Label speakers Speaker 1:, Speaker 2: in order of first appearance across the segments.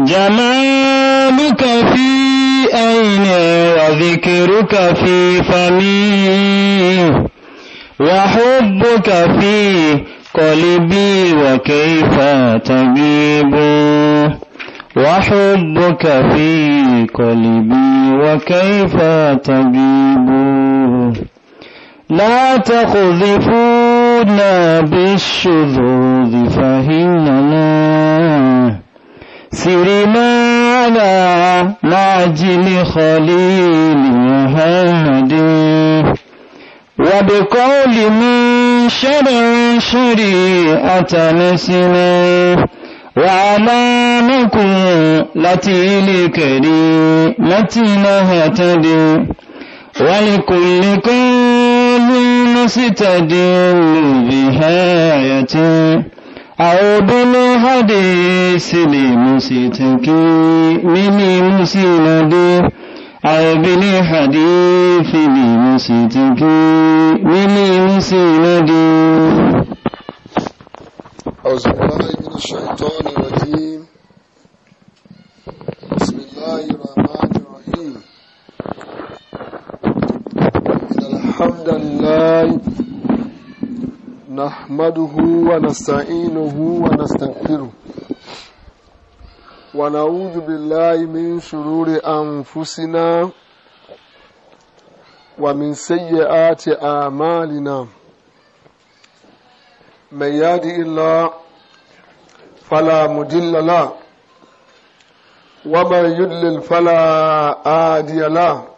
Speaker 1: جمالك في عيني وذكرك في فمي وحبك في قلبي وكيف تجيب وحبك في قلبي وكيف تجيب لا تخذفون أمرنا بالشذوذ فهمنا سرمانا معجل خليل هادي وبقول من شرع شريعة نسنا وعلامكم التي لكريمتنا هتدي ولكل كل تستدل بهايتي أو بالحديث لمستكي لمسندي أو بالحديث لمستكي لمسندي
Speaker 2: أعوذ بالله من الشيطان الرجيم بسم الله الرحمن الرحيم الحمد لله نحمده ونستعينه ونستغفره ونعوذ بالله من شرور أنفسنا ومن سيئات أعمالنا من يهدي الله فلا مضل له ومن يضلل فلا هادي له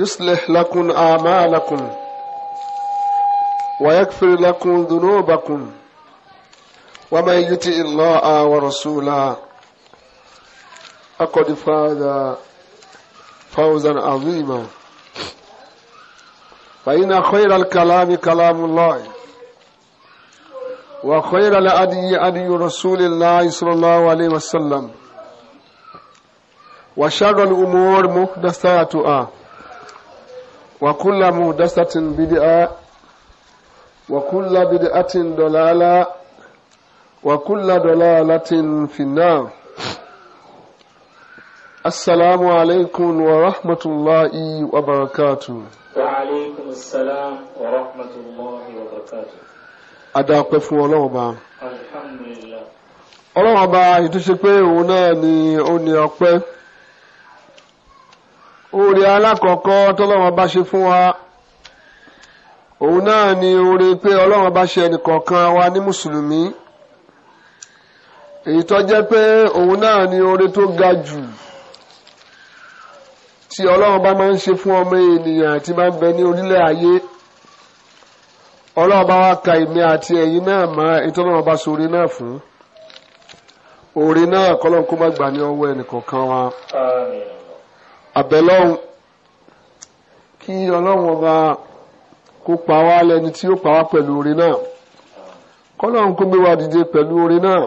Speaker 2: يصلح لكم أعمالكم ويغفر لكم ذنوبكم ومن يطع الله ورسوله فقد فاز فوزا عظيما فإن خير الكلام كلام الله وخير الأدي أدي رسول الله صلى الله عليه وسلم وشر الأمور محدثاتها وكل مهدسة بدعة وكل بدعة ضلالة وكل ضلالة في النار السلام عليكم ورحمة الله وبركاته
Speaker 1: وعليكم السلام ورحمة الله وبركاته
Speaker 2: أدعوك فو الله
Speaker 1: الحمد لله
Speaker 2: ọlọ́run ọba ìtúnṣe pé òun náà ni oore alákọ̀ọ́kọ́ tọ́lọ́wọ́n bá ṣe fún wa òun náà ni oore pé ọlọ́wọ́n bá ṣe ẹnìkọ̀ọ̀kan wa ní mùsùlùmí èyí tó jẹ́ pé òun náà ni oore tó ga jù tí ọlọ́run bá máa ń ṣe fún ọmọ ènìyàn àti máa ń bẹ ní orílẹ̀ ayé ọlọ́run bá wá ka ìmí àti ẹ̀yin náà mọ́ ìtọ́lọ́run bá sóore náà fún oore náà kọ́lọ́n kó má gbà ní ọwọ́ ẹnìkọ̀ọ̀kan wa. Àmín àbẹ̀lọ́hùn kí ọlọ́run ọba kó pa wá lẹ́ni tí ó pa wá pẹ̀lú oore náà kọ́lọ́run kó gbé wa dìde pẹ̀lú oore náà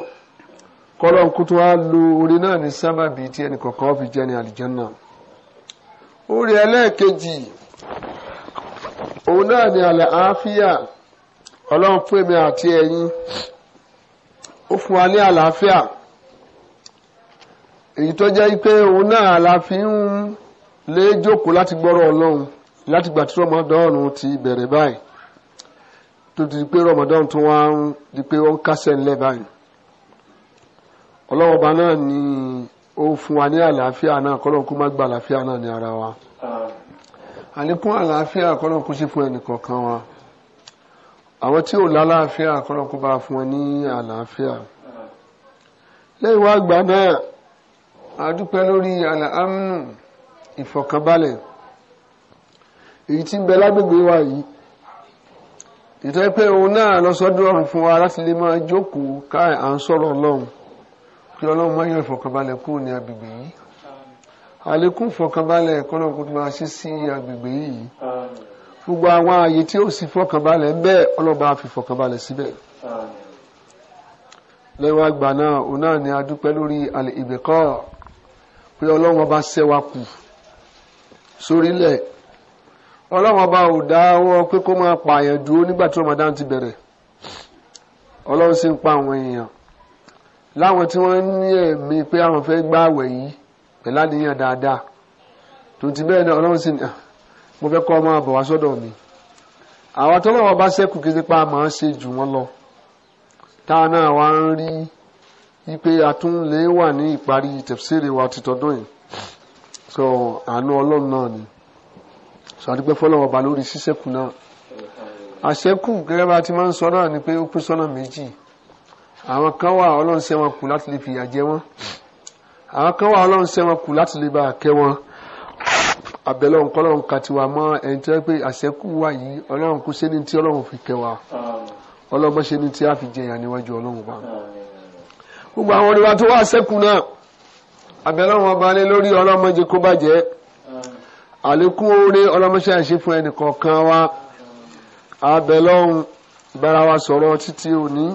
Speaker 2: kọ́lọ́run kó tó wá lo oore náà ní sábàbí tí ẹnì kọ̀ọ̀kan fi jẹ́ ní àlìjẹ́nà oore ẹlẹ́ẹ̀kejì òun náà ni àlẹ́ àáfíà ọlọ́run fún èmi àti ẹ̀yin ó fún wa ní àlàáfíà èyí tó jẹ́ pé òun náà la fi ń lé jókòó láti gbọ́rọ̀ ọlọ́run láti gbà tí rọmọdọ́ọ̀nù ti bẹ̀rẹ̀ báyìí tó ti di pé rọmọdọ́ọ̀nù tó wá ń di pé ó ń kásẹ̀ ńlẹ̀ báyìí ọlọ́wọ́ba náà ni ó fún wa ní àlàáfíà náà kọ́lọ́n kó má gba àlàáfíà náà ní ara wa àlékún àlàáfíà kọ́lọ́n kó sì fún ẹnìkọ̀ọ̀kan wa àwọn tí ò lálàáfíà kọ́lọ́n bá fún ẹ ní àlàáfíà lẹ́yìn wá gbà náà àdúpẹ́ lórí àlàámùnù ìfọ̀kànbalẹ̀ èyí tí ń bẹ lágbègbè wa yìí ìtọ́ pé òun náà lọ sọ́dún ọ̀run fún wa láti lè máa jókòó ká à ń sọ̀rọ̀ ọlọ́run kí ọlọ́run máa yọ ìfọ̀kànbalẹ̀ kúrò ní agbègbè yìí àlékún ìfọ̀kànbalẹ̀ kọ́nà kó tó máa ṣe sí agbègbè yìí gbogbo àwọn ààyè tí ó sì fọ̀kànbalẹ̀ bẹ́ẹ̀ ọlọ́ba fi fọ̀kànbalẹ̀ síbẹ̀ lẹ́wọ̀n àgbà náà òun náà ni a dúpẹ́ lórí àlè ìbẹ̀kọ́ pé ọlọ́run ọba ṣẹ́wà kù sórílẹ̀ ọlọ́run ọba ò dáwọ́ pé kó máa pààyàn dúró nígbà tí Ramadan ti bẹ̀rẹ̀ ọlọ́run sì ń pa àwọn èèyàn láwọn tí wọ́n ní ẹ̀mí pé àwọn fẹ́ gbá àwẹ̀ yìí pẹ̀lú àníyàn dáadáa tó ti bẹ́ẹ̀ náà ọlọ́run sì ní mo fẹ́ kọ́ ọmọ àbọ̀ wá sọ́dọ̀ mi àwọn tọ́lọ́wọ́ bá ṣẹ́kù kí nípa máa ṣe jù wọ́n lọ táwọn náà wá ń rí Ipe àtúnlé wà ní ìparí tẹ̀síìrì wa ti tọdún so àánú ọlọ́run náà ni so àdúgbò fọlọ́wọ́ ọba lórí ṣíṣẹ́kù náà àṣẹ́kù gẹ́gẹ́ bá ti máa ń sọ náà ni pé ó pín sọ́nà méjì àwọn kan wà ọlọ́run ṣẹ́ wọn kù láti lè fìyà jẹ wọ́n àwọn kan wà ọlọ́run ṣẹ́ wọn kù láti lè bá kẹ́ wọn abẹ́lẹ́ ọ̀nkọ́ ọlọ́run kà tiwa ẹni tí wọ́n pé àṣẹ́kù wà yìí ọlọ́run kò ṣe tí ọlọ́run fi kẹ́ wa ọlọ́run ṣe tí a fi jẹyà níwájú ọlọ́run bá gbogbo àwọn oríwa tó wà sẹ́kù náà àbẹ̀lọ́run ọba lé lórí ọlọ́mọdé kó bàjẹ́ àlékún oore ọlọ́mọṣẹ àṣẹ fún ẹnìkọ̀ọ̀kan wa àbẹ̀lọ́run ìbára wa sọ̀rọ̀ títí òní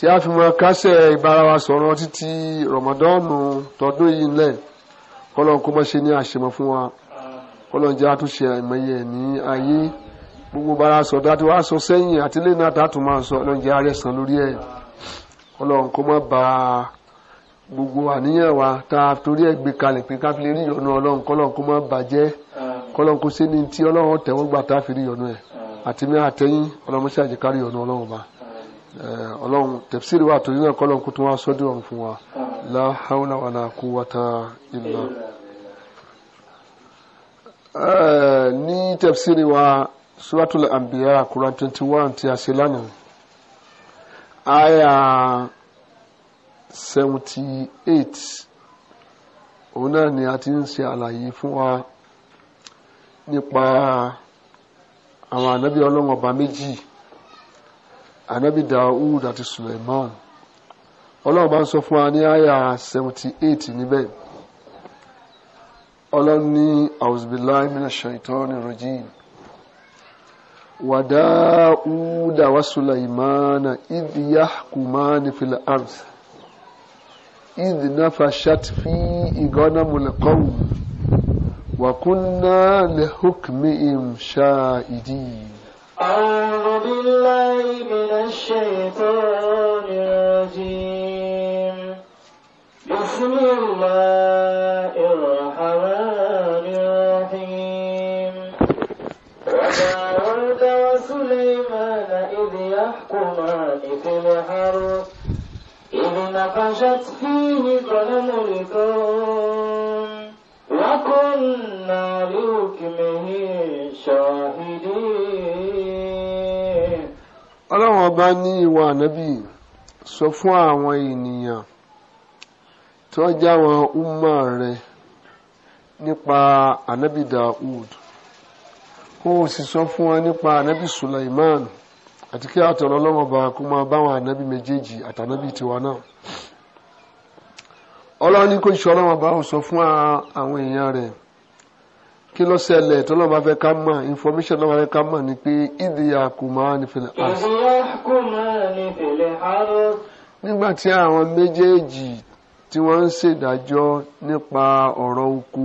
Speaker 2: tí a fi mọ kásẹ̀ ìbára wa sọ̀rọ̀ títí rọ̀mọdọ́ọ̀nù tọdún yìí lẹ̀ kọ́lọ́n kó mọ́ ṣe ní àṣemọ́ fún wa kọ́lọ́n jẹ́ àtúnṣe àìmọye ní ayé gbogbo bara sọ̀dá tí wàá sọ sẹ́yìn àtìlẹ́yìn náà tá a tún máa sọ ọlọ́run jẹ́ lórí ẹ̀ ọlọ́run kó má ba gbogbo àníyàn wa tá a torí ẹ̀ gbé kalẹ̀ pé ká fi lè rí ìyọnu ọlọ́run kọ́lọ́run kó má bàjẹ́ kọ́lọ́run kó sí ní tí ọlọ́run tẹ̀wọ́ gbà tá a fi rí ìyọnu ẹ̀ àti mi àtẹ́yìn ọlọ́run ṣe àjẹkárí ìyọnu ọlọ́run ba ọlọ́run tẹ̀síìrì wa torí náà kọ́lọ́run kó tún wá sọ́dún ọ̀run fún wa la hawla wala quwwata illa ní tẹ̀síìrì wa suratul anbiya quran twenty one ti a ṣe lánàá aya seventy eight òun náà a ti ń ṣe àlàyé fún wa nípa àwọn ànábì ọlọ́run ọba méjì ànábì Dawud àti Suleiman ọlọ́run bá ń sọ fún wa ní aya seventy eight níbẹ̀ ọlọ́run ní auzubillahi وداود وسليمان إذ يحكمان في الأرض إذ نفشت في غنم القوم وكنا لحكمهم شاهدين أعوذ
Speaker 1: بالله من الشيطان الرجيم بسم الله الرحمن الرحيم يحكمان في الحرب إذ نقشت فيه قلم الكون وكنا لحكمه شاهدين
Speaker 2: ní sọ fún àwọn ènìyàn tó jáwọn umma nípa anabi Daud kó o sọ fún wọn nípa anabi Sulaiman àti kí àtọ̀rọ̀ ọlọ́mọba kó máa báwọn ànábì méjèèjì àtànábì tiwa náà ọlọ́run ní kó ṣe ọlọ́mọba ó sọ fún àwọn èèyàn rẹ̀ kí ló ṣẹlẹ̀ tó lọ́mọba fẹ́ ká mọ̀ information lọ́mọba fẹ́ ká mọ̀ ni pé ìdí àkùmá ní fìlẹ̀ àrùn. nígbà tí àwọn méjèèjì tí wọ́n ń ṣèdájọ́ nípa ọ̀rọ̀ oko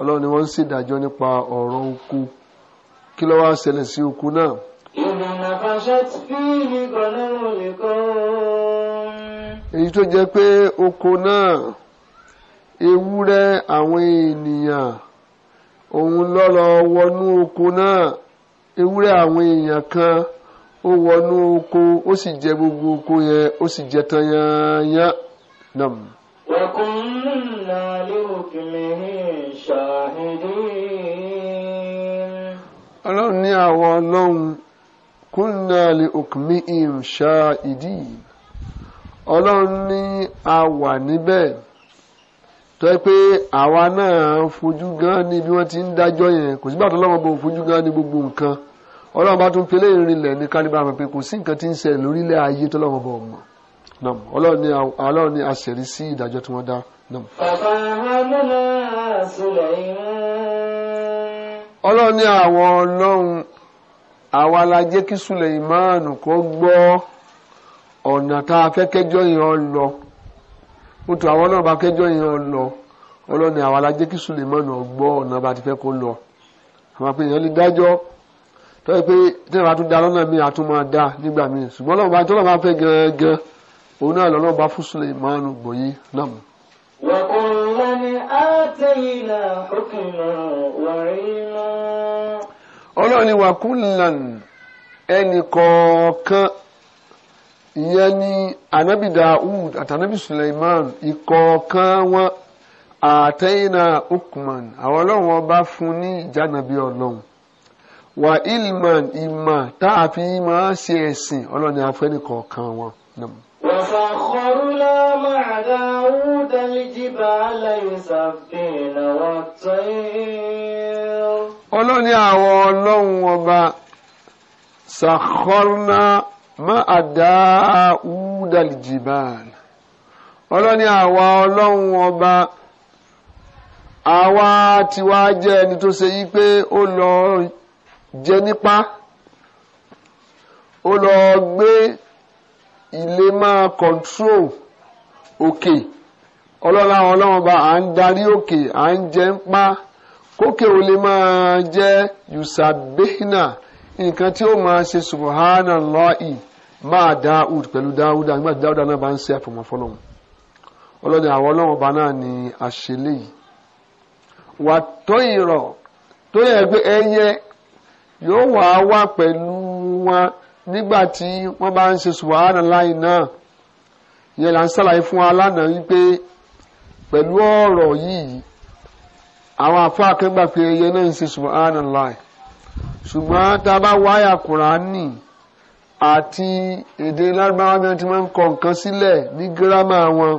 Speaker 2: ọlọ́run ni wọ́n ń ṣèdájọ́ nípa ọ̀rọ̀ oko kí ló wá ṣẹlẹ̀ sí oko náà.
Speaker 1: إذ نفشت فيه غنم لكم. èyí
Speaker 2: tó jẹ́ pé oko náà ewúrẹ́ àwọn ènìyàn òun lọ́lọ́ wọnú oko náà ewúrẹ́ àwọn èèyàn kan ó wọnú oko ó sì jẹ gbogbo oko yẹn ó sì jẹ tán yányá nam. ọlọ́run ní àwọn ọlọ́run kunna li ukmihim sha'idin ọlọ́run ní a wà níbẹ̀ tó yẹ pé àwa náà fojú gan ni bí wọ́n ti ń dájọ́ yẹn kò sígbà tó lọ́wọ́ bó fojú gan ni gbogbo nǹkan ọlọ́run bá tún pelé ìrìnlẹ̀ ní kálíbà pé kò sí nǹkan tí ń ṣẹlẹ̀ lórílẹ̀ ayé tó lọ́wọ́ bọ̀ mọ̀ ọlọ́run ní àṣẹ̀rí sí ìdájọ́ tí wọ́n dá. ọlọ́run ní àwọn ọlọ́run àwa la jẹ́ kí Suleimanu kó gbọ́ ọ̀nà tá a fẹ́ kẹjọ́ yẹn lọ ó tún àwọn náà bá kẹjọ́ yẹn lọ ọlọ́ni àwa la jẹ́ kí Suleimanu gbọ́ ọ̀nà bá ti fẹ́ kó lọ àwọn àpèyàn lè dájọ́ tọ́yẹ pé tẹ́lẹ̀ bá tún da lọ́nà mi àtún máa da nígbà mi ṣùgbọ́n lọ́wọ́ bá tọ́lọ́ máa fẹ́ gẹ́gẹ́ òun náà lọ́nà bá fún Suleimanu gbòye náà.
Speaker 1: وكلا آتينا حكما وعلما
Speaker 2: ọlọ́run ni wàkúlàn ẹnì kọ̀ọ̀kan ìyẹn ni anabi Dawud àti anabi Suleiman ìkọ̀ọ̀kan wọn àtẹ́yìnà ukman àwọn ọlọ́run ọba fún ní ìjànàbí ọlọ́run wà ilman ìmọ̀ tá a fi máa ṣe ẹ̀sìn ọlọ́run afẹ́ni kọ̀ọ̀kan wọn.
Speaker 1: وسخرنا مع داود الجبال يسبحن والطير
Speaker 2: ọlọ́ni àwọn ọlọ́run ọba sàkọ́rọ́nà má àdá údàlìjìbàn ọlọ́ni àwa ọlọ́run ọba àwa tiwa jẹ́ ẹni tó ṣe yí pé ó lọ jẹ nípa ó lọ gbé ilé máa kọ̀ntró òkè ọlọ́run àwọn ọlọ́run ọba à ń darí òkè à ń jẹ ń pa. Okay kókè ò lè máa jẹ́ yusabehina nǹkan tí ó máa ṣe subahana lọ́ọ̀ì máa dáhùd pẹ̀lú dáhùd dáhùd náà bá ń ṣe àfọ̀mọ́ fọlọ́hún ọlọ́dẹ àwọn ọba náà ni àṣẹlẹ̀ yìí wà tó ìrọ̀ tó yẹ pé ẹyẹ yóò wà á wà pẹ̀lú wọn nígbà tí wọ́n bá ń ṣe láì náà yẹn là ń ṣàlàyé fún wa lánàá wípé pẹ̀lú ọ̀rọ̀ àwọn afọ akẹgbà fi ẹyẹ náà ń ṣe subhanallah ṣùgbọ́n tá a bá wáyà kùránì àti èdè lárúbáwá bí wọ́n ti máa ń kọ nǹkan sílẹ̀ ní gírámà wọn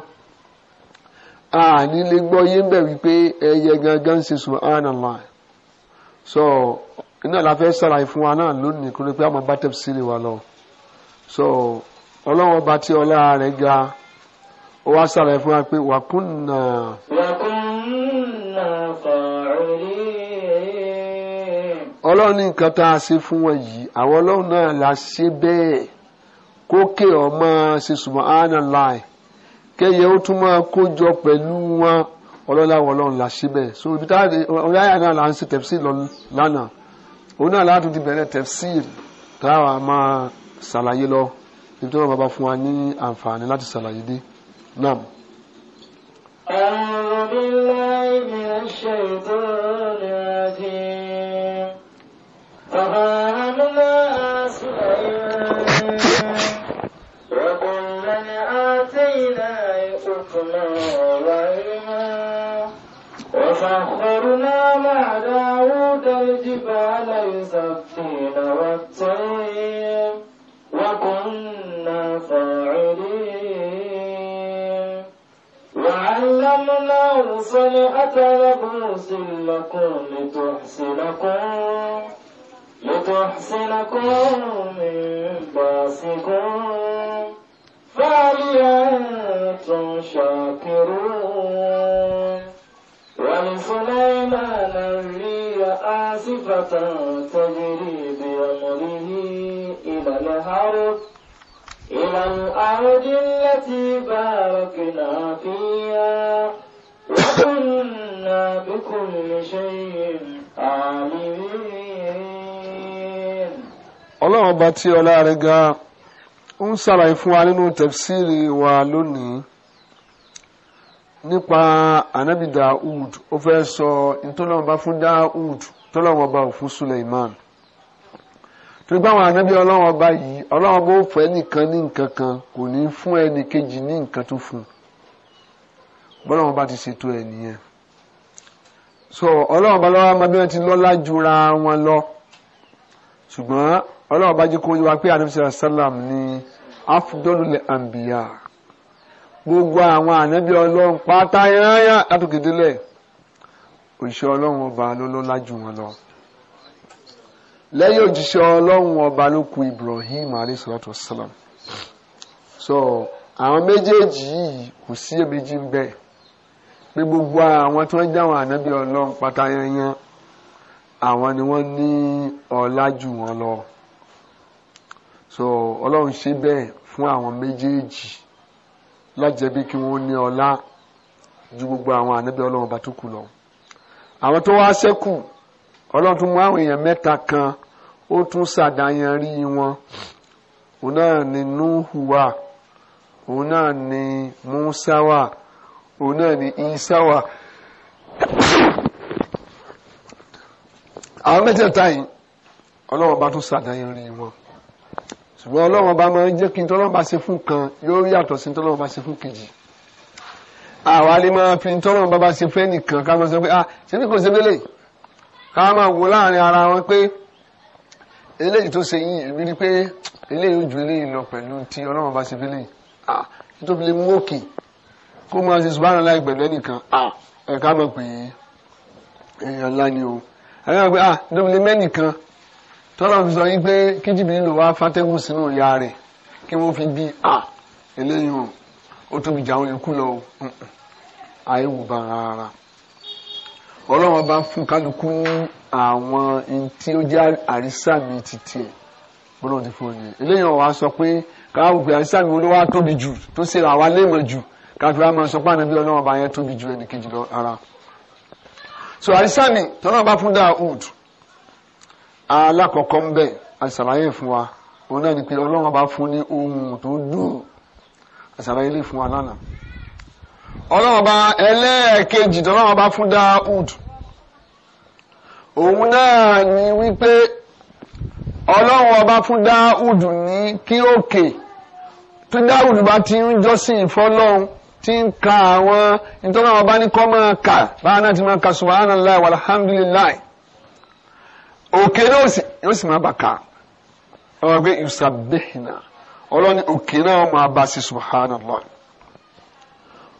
Speaker 2: àní lè gbọ́ yé ń bẹ̀ wípé ẹyẹ gangan ń ṣe subhanallah so iná la fẹ́ ṣàlàyé fún wa náà lónìí kúrò pé àwọn bátẹ́pù sílẹ̀ wa lọ so ọlọ́wọ́n bá tí ọlá rẹ̀ ga ó wá ṣàlàyé fún wa pé wàkúnnà. ọlọ́run ní nǹkan tá a ṣe fún wọn yìí àwọn ọlọ́run náà la ṣe bẹ́ẹ̀ kókè ọmọ ṣe subhanallah kéye ó tún máa kójọ pẹ̀lú wọn ọlọ́run ọlọ́run la ṣe bẹ́ẹ̀ so ibi táyà ọláyà náà là ń ṣe tafsir lọ lánàá òun náà láti ti bẹ̀rẹ̀ tafsir táwa máa ṣàlàyé lọ ibi tí wọ́n bá fún wa ní àǹfààní láti ṣàlàyé dé náà.
Speaker 1: أعوذ بالله من الشيطان وسخرنا مع داود الجبال يسبحين والطير وكنا فاعلين وعلمناه صنعة لبوس لكم لتحسنكم لتحسنكم من باسكم فهل أنتم شاكرون ولسليمان الريح آسفة تجري بأمره إلى الهرب إلى الأرض التي باركنا فيها وكنا بكل شيء عالمين.
Speaker 2: ọlọ́run ọba tí ọlá rẹ̀ ga ó ń ṣàlàyé fún wa nínú tẹ̀fsíìrì wa lónìí nípa anabi Dawud ó fẹ́ sọ ìtọ́lọ́mọba fún Dawud tọ́lọ́mọba òfin Suleiman torí báwọn anabi ọlọ́wọ́n bá yìí ọlọ́wọ́n bó fún ẹnìkan ní nǹkan kan kò ní fún ẹnìkejì ní nǹkan tó fún bọ́lọ́wọ́n bá ti ṣètò ẹ̀ nìyẹn so ọlọ́wọ́n bá lọ́wọ́ máa bí wọ́n ti lọ́lá jura wọn lọ ṣùgbọ́n ọlọ́run bá jẹ́ kó wá pé àdébísọ̀rọ̀ sálàm ní afdọ́lùlẹ̀ àǹbíyà gbogbo àwọn ànábì ọlọ́run pátá yányá látòkèdélẹ̀ òjíṣẹ́ ọlọ́run ọba ló lọ́lá jù wọn lọ
Speaker 1: lẹ́yìn òjíṣẹ́
Speaker 2: ọlọ́run ọba ló ku Ibrahim alayhisalatu wasalam so àwọn méjèèjì yìí kò sí èméjì ń bẹ pé gbogbo àwọn tí wọ́n jáwọn ànábì ọlọ́run pátá yányá àwọn ni wọ́n ní ọlá jù wọn lọ so ọlọ́run ṣe bẹ́ẹ̀ fún àwọn méjèèjì lájẹ̀bi kí wọ́n ní ọlá ju gbogbo àwọn ànábẹ́ ọlọ́run bá tó kù lọ. àwọn tó wá ṣẹ́kù ọlọ́run tún mú àwọn èèyàn mẹ́ta kan ó tún ṣàdáyan rí wọn òun náà ni nuhu òun náà ni musa òun náà ni isa àwọn mẹ́tẹ̀ẹ̀ta yìí ọlọ́run bá tún ṣàdáyan rí wọn ṣùgbọ́n ọlọ́run ọba máa ń jẹ́ kí ntọ́lọ́run bá ṣe fún kan yóò yàtọ̀ sí ntọ́lọ́run bá ṣe fún kejì àwa lè máa fi ntọ́lọ́run bá ṣe fún ẹnìkan ká máa sọ pé ah ṣé bí kò ṣe délé ká máa wò láàrin ara wọn pé eléyìí tó ṣe yìí èmi rí i pé eléyìí ojú eléyìí lọ pẹ̀lú ti ọlọ́run bá ṣe fún eléyìí ah nítorí lè mú òkè kó máa ṣe subahana láì pẹ̀lú ẹnìkan ah ẹ̀ka mọ̀ pé èèyàn ńlá ah nítorí lè tọ́lọ́ fi sọ yín pé kí jìbìrì lò wá fàtẹ́gùn sínú ìyá rẹ̀ kí wọ́n fi bí a eléyìí o ó tóbi jà àwọn ikú lọ o àìwò bá rárá ọlọ́run bá fún kálukú ní àwọn tí ó jẹ́ àrísà mi títí ẹ̀ bọ́lá ti fún yẹn eléyìí ọ̀ wá sọ pé káwọ́ pé àrísà mi ló wá tóbi jù tó ṣe àwa léèmọ̀ jù káfíńtà máa sọ pé ànábì ọlọ́run bá yẹn tóbi jù ẹnìkejì lọ rárá so àrísà mi tọ́lọ́run bá fún Dáúdù alákọ̀ọ́kọ́ ń bẹ̀ àṣàlàyé fún wa náà ni pé ọlọ́run bá fún ní ohun tó dùn àṣàlàyé lè fún wa lánàá ọlọ́run bá ẹlẹ́ẹ̀kejì tọ́lọ́run bá fún náà ni wípé ọlọ́run ọba fún ní kí òkè tí bá ti ń jọ́sìn ti ka àwọn ọba ní kọ́ máa kà náà ti máa òkè náà yóò máa bà ká ọmọ pé ìsàbẹ̀hìnà ọlọ́ni òkè náà máa bá sí subhanallah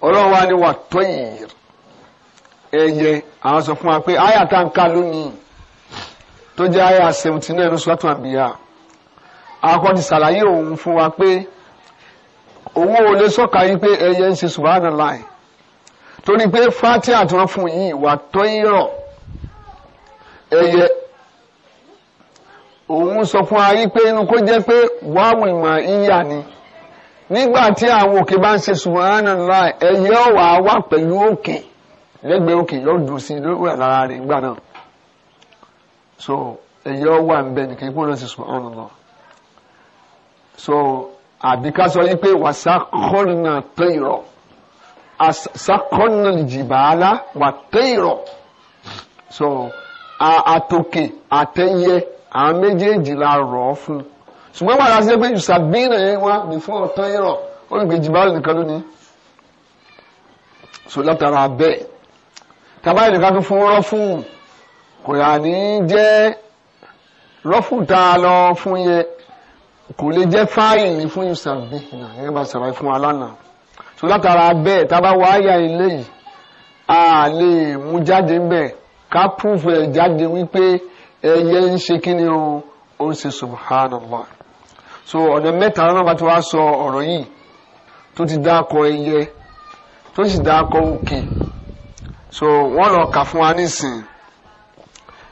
Speaker 2: ọlọ́run wa ni wà ẹ yẹ àwọn sọ fún wa pé àyà tá n ká lónìí tó jẹ́ àyà seventy nine oṣù àtúnwà bíyà akọ́ ti ṣàlàyé òun fún wa pé òun ò sọ́ka yìí pé ẹyẹ ń ṣe torí pé fatia tí wọ́n fún yìí wà òun sọ fún ayé pé inú kó jẹ́ pé wàhùn ìmọ̀ ìyá ni nígbà tí àwọn òkè bá ń ṣe subhanallah ẹ̀yẹ ọ̀wà wà pẹ̀lú òkè lẹ́gbẹ̀ẹ́ òkè yóò dùn sí lórí àlára rẹ̀ nígbà náà so ẹ̀yẹ ọ̀wà ń bẹ nìkan kó lọ sí subhanallah so àbíká sọ yí pé wà sákọ́nà tẹ́yìrọ̀ sákọ́nà jìbàálá wà tẹ́yìrọ̀ so àtòkè àtẹ́yẹ àwọn méjèèjì la rọ̀ ọ́ fún ṣùgbọ́n wàhálà sí pé ìṣàbíyàn yẹn wá ní fún ọ̀tán ìrọ̀ olùgbèjì báyìí nìkan lónìí so látara bẹ́ẹ̀ tàbáyìí nìkan tó fún rọ́fún kò yà ní jẹ́ rọ́fún tá a lọ fún yẹn kò lè jẹ́ fáìlì fún ìṣàbíyàn yẹn bá ṣàlàyé fún wa lánàá so látara bẹ́ẹ̀ tábà wà áyà ilé yìí a lè mú jáde ń bẹ̀ ká púfù ẹ̀ jáde wípé ẹyẹ ń ṣe kí ni o ó ń ṣe subhanallah so ọ̀nà mẹ́ta náà bá ti wá sọ ọ̀rọ̀ yìí tó ti dá akọ ẹyẹ tó sì dá akọ òkè so wọ́n lọ kà fún wa nísìn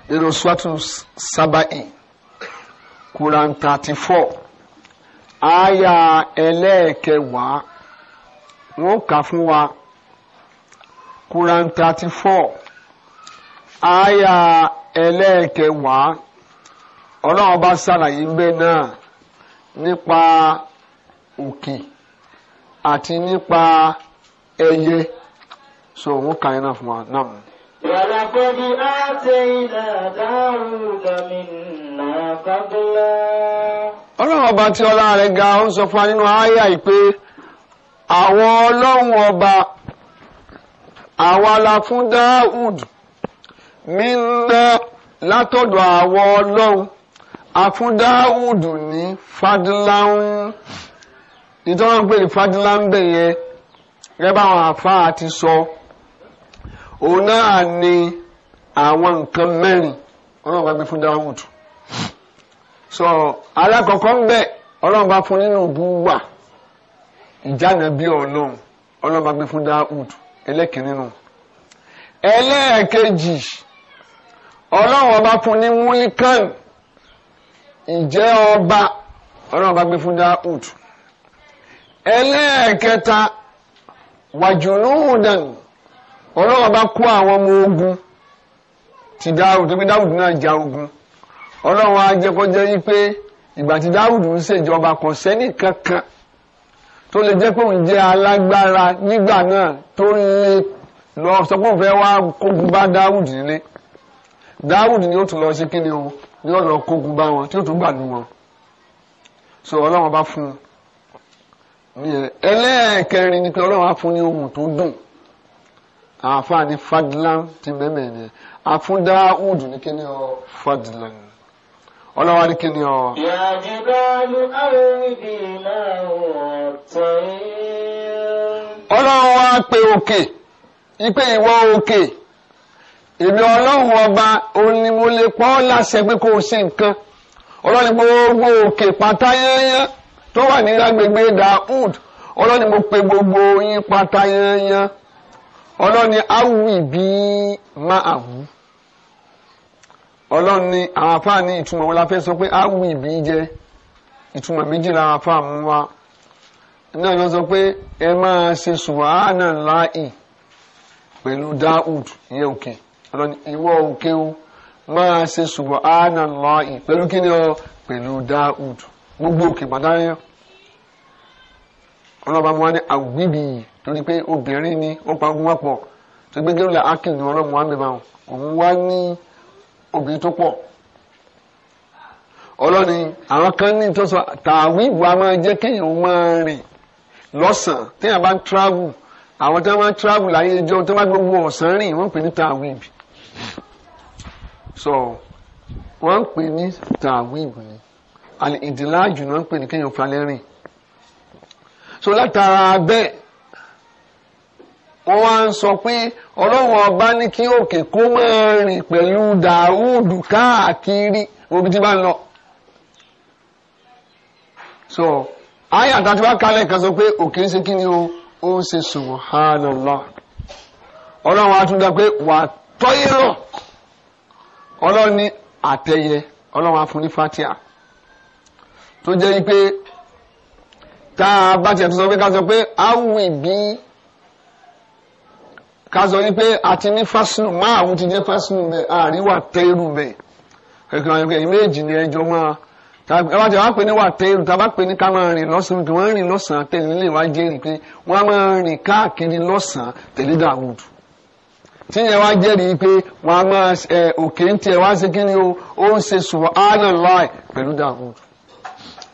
Speaker 2: nínú swatu sábàì Quran thirty four aya ẹlẹ́ẹ̀kẹwàá wọ́n kà fún wa Quran thirty four aya ẹlẹ́ẹ̀kẹwàá ọlọ́run bá ṣàlàyé ńbẹ náà nípa òkè àti nípa ẹyẹ so òun kà yín náà fún wa náà.
Speaker 1: ولقد آتينا داود منا فضلا
Speaker 2: ọlọ́run ọba tí ọlá rẹ̀ ga ó ń sọ fún wa nínú àyà yìí pé àwọn ọlọ́run ọba àwa la fún Dáúdù minna látọ̀dọ̀ àwọ ọlọ́run àfúndáwùdù ní fadiláhùn nítorí pé ní fadiláhùn bẹ̀ yẹn gẹ́gẹ́ báwọn àfáà ti sọ òun náà ni àwọn nǹkan mẹ́rin ọlọ́run bá gbé fún dáwùdù sọ alákọ̀ọ́kọ́ ń bẹ̀ ọlọ́run bá fún nínú búwà ìjànà bí ọlọ́run ọlọ́run bá gbé fún dáwùdù ẹlẹ́kìnrin ẹlẹ́ẹ̀kejì. ọlọ́run ọba fún ní múlíkàn ìjẹ́ ọba ọlọ́run ọba gbé fún Dáúd ẹlẹ́ẹ̀kẹta wàjúlúhùdàn ọlọ́run ọba kó àwọn ọmọ ogun ti Dáúd tó gbé náà ja ogun ọlọ́run á yí pé ìgbà tí ń ṣèjọba kò sẹ́ni kankan tó lè jẹ́ pé òun jẹ́ alágbára nígbà lọ sọ pé òun fẹ́ wá Dáwùd ni ó tún lọ ṣe kí ni o ni ó lọ kógun bá wọn tí ó tún gbà nù wọn so ọlọ́run bá fún un ẹlẹ́ẹ̀kẹrin ni pé ọlọ́run á fún ní ohun tó dùn àǹfààní fadilan ti mẹ́mẹ́ ni àfún Dáwùd ní ni ọ fadilan ọlọ́run á ní kí ni ọ.
Speaker 1: yàjẹ́bálú àrídì náà ọ̀tọ̀ yìí.
Speaker 2: ọlọ́run á pe òkè ipe ìwọ òkè. Okay èmi ọlọ́run ọba òun ni mo lè pọ́ láṣẹ pé kó o ṣe nǹkan ọlọ́ni gbogbo òkè pátá yányán tó wà ní agbègbè dahud ọlọ́ni mo pe gbogbo yín pátá yányán ọlọ́ni awì bí máa wù ọlọ́ni àwọn afáà ní ìtumọ̀ wọn la fẹ́ sọ pé awì bí jẹ́ ìtumọ̀ méjì làwọn afáà mú wa náà ló sọ pé ẹ máa ṣe sùwàánà láì pẹ̀lú dahud yẹ òkè. Okay ìwọ òkèwò máa ṣe subhanallahi pẹ̀lú kí ni ọ pẹ̀lú dáhùd gbogbo òkè pàdánù ọlọ́ba mu wá ní àwùgbìbì torí pé obìnrin ni ó pa ogun wá pọ̀ tó gbé gẹ́rù làákì ní ọlọ́mu wá mẹ́ba òun wá ní obìnrin tó pọ̀ ọlọ́ni àwọn kan ní tó tàwíìbù a máa jẹ́ kéèyàn máa rìn lọ́sàn-án téèyàn bá ń travel àwọn tí wọ́n máa ń travel láyé ẹjọ́ tí wọ́n bá gbogbo ọ̀sán rìn wọ́n pè ní tàwíìbù so wọ́n ń pè ní ni àlè ìdílá ń pè ní kéèyàn rìn so látara bẹ́ẹ̀ wọ́n wá sọ pé ọlọ́run ọba ní kí òkè kó máa rìn pẹ̀lú dàúdù káàkiri omi tí bá ń lọ. so ayé ti wá kalẹ̀ kan sọ pé o ó ń ṣe á tún dá pé wà á ọlọ́run ní àtẹ̀yẹ ọlọ́run á fún ní fatia tó jẹ́ pé tá a bá tiẹ̀ tó sọ pé ká sọ pé awì bí ká sọ wípé àti ní fásinù márùn ti jẹ́ fásinù bẹ́ẹ̀ àárín wà tẹ́rù bẹ́ẹ̀ kẹ̀kẹ́ wọn kẹ̀kẹ́ méjì ni ẹjọ́ máa tàbí wọn ti wá pè ní wà tẹ́rù tàbí wọ́n pè ní ká máa rìn lọ́sàn-án kí wọ́n rìn lọ́sàn-án tẹ̀lé lè wá jẹ́rìí pé wọ́n máa rìn káàkiri lọ́sàn-án tẹ̀lé Dáwùdù tinyewa wá jẹ́rìí ikpe wọ́n á máa ẹ òkè ń tiẹ̀ o n se ṣe ana ánà láì pẹ̀lú dààmú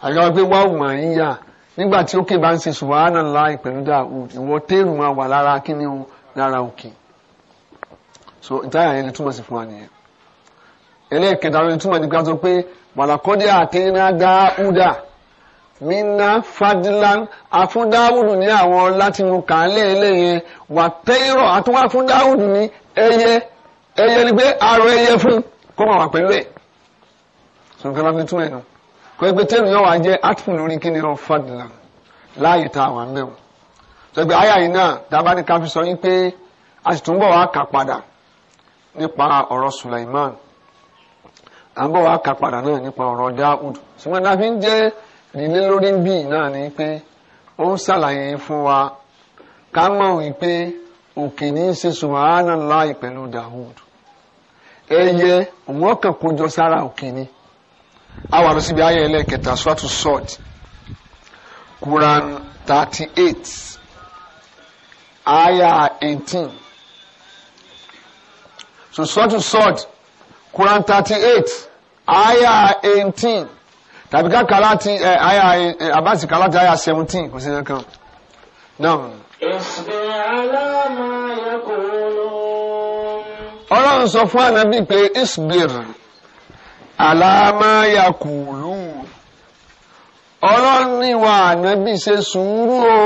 Speaker 2: àyà pé wá wùmọ̀ yín yà nígbà tí òkè bá ń ṣe ana ánà láì pẹ̀lú dààmú ìwọ téèrù máa wà lára kíni o lára òkè so ìtayà yẹn ni túmọ̀ sí fún wa nìyẹn ẹlẹ́ẹ̀kẹta ló ní túmọ̀ nípa sọ pé wàlàkọ́dé mina fadilan afún dáwùdù ní àwọn látinú kàálẹ̀ eléyẹn wà atụwa àtúwá fún ni pé arọ ẹyẹ fún kó máa wà pẹ̀lú ẹ̀ sọ̀rọ̀ kí tún ẹ̀ kó ẹgbẹ́ tẹ́lu yóò wá jẹ́ lórí kí ni fadilan láàyè tá a wà mẹ́wọ̀n sọ̀gbẹ́ àyà yìí náà dábà ní ká fi sọ yín a sì tún bọ̀ wá kà padà nípa ọ̀rọ̀ à ń nílé lórí ń bì náà ni pé ó ń ṣàlàyé fún wa ká mọ̀ wípé òkè ní ṣe sùnmọ́ánà láì pẹ̀lú Dawud ẹyẹ òun ọkàn kójọ sára òkè ni a wà lọ síbi ayé aya eighteen so swatu Quran thirty aya eighteen. tàbí ká kà láti ẹ àyà ẹ abasi kà àyà seventeen kò sí ní kan náà. ọlọ́run sọ fún ànábì pé isbir aláma yẹ kó lò. ọlọ́run ní wa ànábì ṣe sùúrù o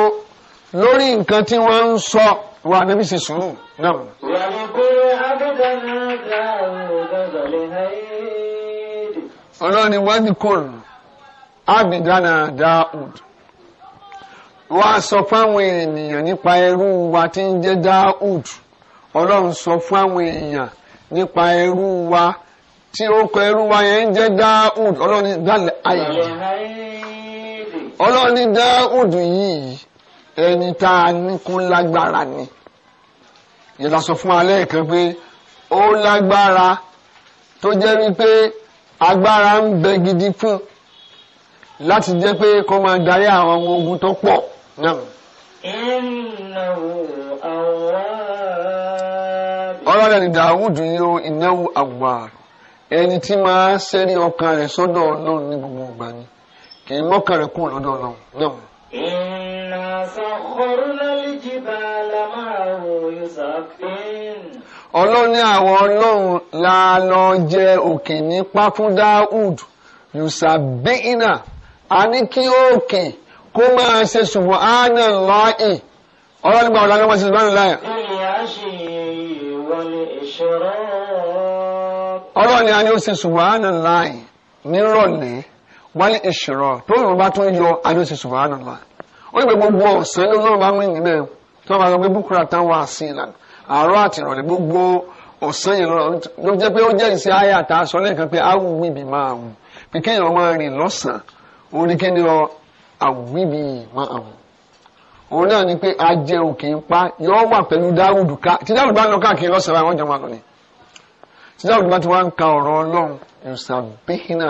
Speaker 2: lórí nǹkan tí wọ́n ń sọ wa ànábì ṣe sùúrù náà.
Speaker 1: wàá kó abúlé náà gbà
Speaker 2: ọlọ́run ni kò lò abidana Daud wá sọ fáwọn ènìyàn nípa ẹrú wa tí ń jẹ́ Daud ọlọ́run sọ fáwọn èèyàn nípa ẹrú wa tí ó kọ ẹrú wa yẹn ń jẹ́ Daud ọlọ́run ní dálẹ̀ ayé ọlọ́run ní Daud yìí ẹni tá a níkún lágbára ni yẹn la sọ fún alẹ́ kan pé ó lágbára tó jẹ́ wípé agbára ń bẹ gidi fún un láti jẹ́ pé kó máa darí àwọn ọmọ ogun tó pọ̀ náà.
Speaker 1: ìnáwó àwòrán.
Speaker 2: ọlọ́dẹ ni dàwùdù yìí ó ìnáwó àwòrán ẹni tí máa ń sẹ́rí ọkàn rẹ̀ sọ́dọ̀ ọlọ́run ní gbogbo ìgbà ni kì í mọ́kàn rẹ̀ kúrò lọ́dọ̀ ọlọ́run náà.
Speaker 1: ìnà sọ̀kọ̀rọ̀lá lè jí bàálà máa wò yusufin.
Speaker 2: ọlọ́run ní àwọn ọlọ́run la lọ jẹ òkè ní pákúndà wood yusabeena a ní kí òkè kó máa ṣe subhana Allahi ọlọ́run gba ọ̀lànà wọn sí a ní
Speaker 1: wálé ìṣòro
Speaker 2: tó bá yọ ó yẹ gbogbo ọ̀sán bá ń rìn nílẹ̀ bá búkúrà tán sí ìlànà àárọ̀ àti ìrọ̀lẹ́ gbogbo ọ̀sán yìí lọ́rọ̀ ló jẹ́ pé ó jẹ́ ìṣe ayé lẹ́ẹ̀kan pé máa wù máa rìn lọ́sàn-án òun ni kí ni ọ àwíbi ìmọ̀ àwọn òun náà ni pé ajẹ́ òkè ń pa yọ wà pẹ̀lú dáwùdù ká tí dáwùdù bá ń lọ káàkiri lọ́sẹ̀rẹ̀ àwọn jọmọ àlọ́ ni tí dáwùdù bá ti wá ń ka ọ̀rọ̀ ọlọ́run ìsàbíhìnà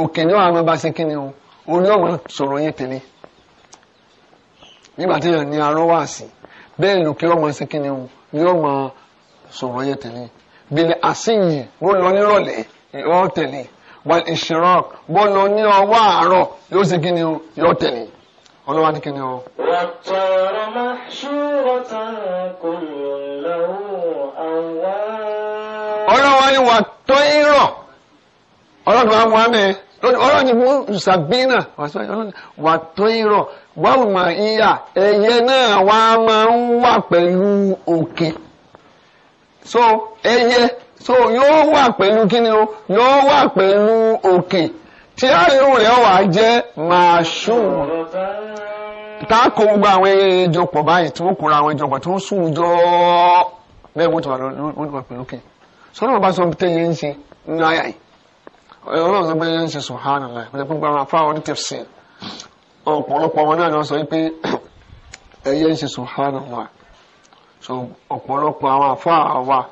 Speaker 2: òkè ní àwọn bá ṣe kí ni o òun náà máa sọ̀rọ̀ yẹn tẹ̀lé nígbà tí yàn ní arọ́ wà sí bẹ́ẹ̀ lòkè ọmọ ṣe kí ni o yóò máa sọ̀rọ̀ yẹn tẹ̀lé bẹ̀lẹ̀ àṣìyìn ló lọ nírọ̀lẹ́ ọ̀ tẹ̀lé wọn ìṣirọ́k bọ́ọ̀lù ní ọwọ́ àárọ̀ yóò sì o yóò tẹ̀lé ọlọ́wà ní kíni o. ala. ọlọ́wà ni wà tó irọ́ ọlọ́dún àwọn àmì ọlọ́dún ni wọ́n wà tó so ẹ̀yẹ. so yóò wà pẹ̀lú kíni o yóò wà pẹ̀lú òkè tí àríwò rẹ̀ wà jẹ́ màṣúù tá a kó gbogbo àwọn ẹjọ pọ̀ báyìí tí wọ́n kóra àwọn ẹjọ pọ̀ tí wọ́n sùn jọ bẹ́ẹ̀ wọ́n ti wà wọ́n ti wà pẹ̀lú òkè sọ́nà bá sọ tẹ́ yẹn ń ṣe nínú àyà yìí ọlọ́run sọ pé yẹn ń ṣe subhanallah pẹ̀lú pé gbogbo àwọn afáwọn ní tẹ̀sí ọ̀pọ̀lọpọ̀ wọn ọ̀pọ̀lọpọ̀ àwọn afáwọn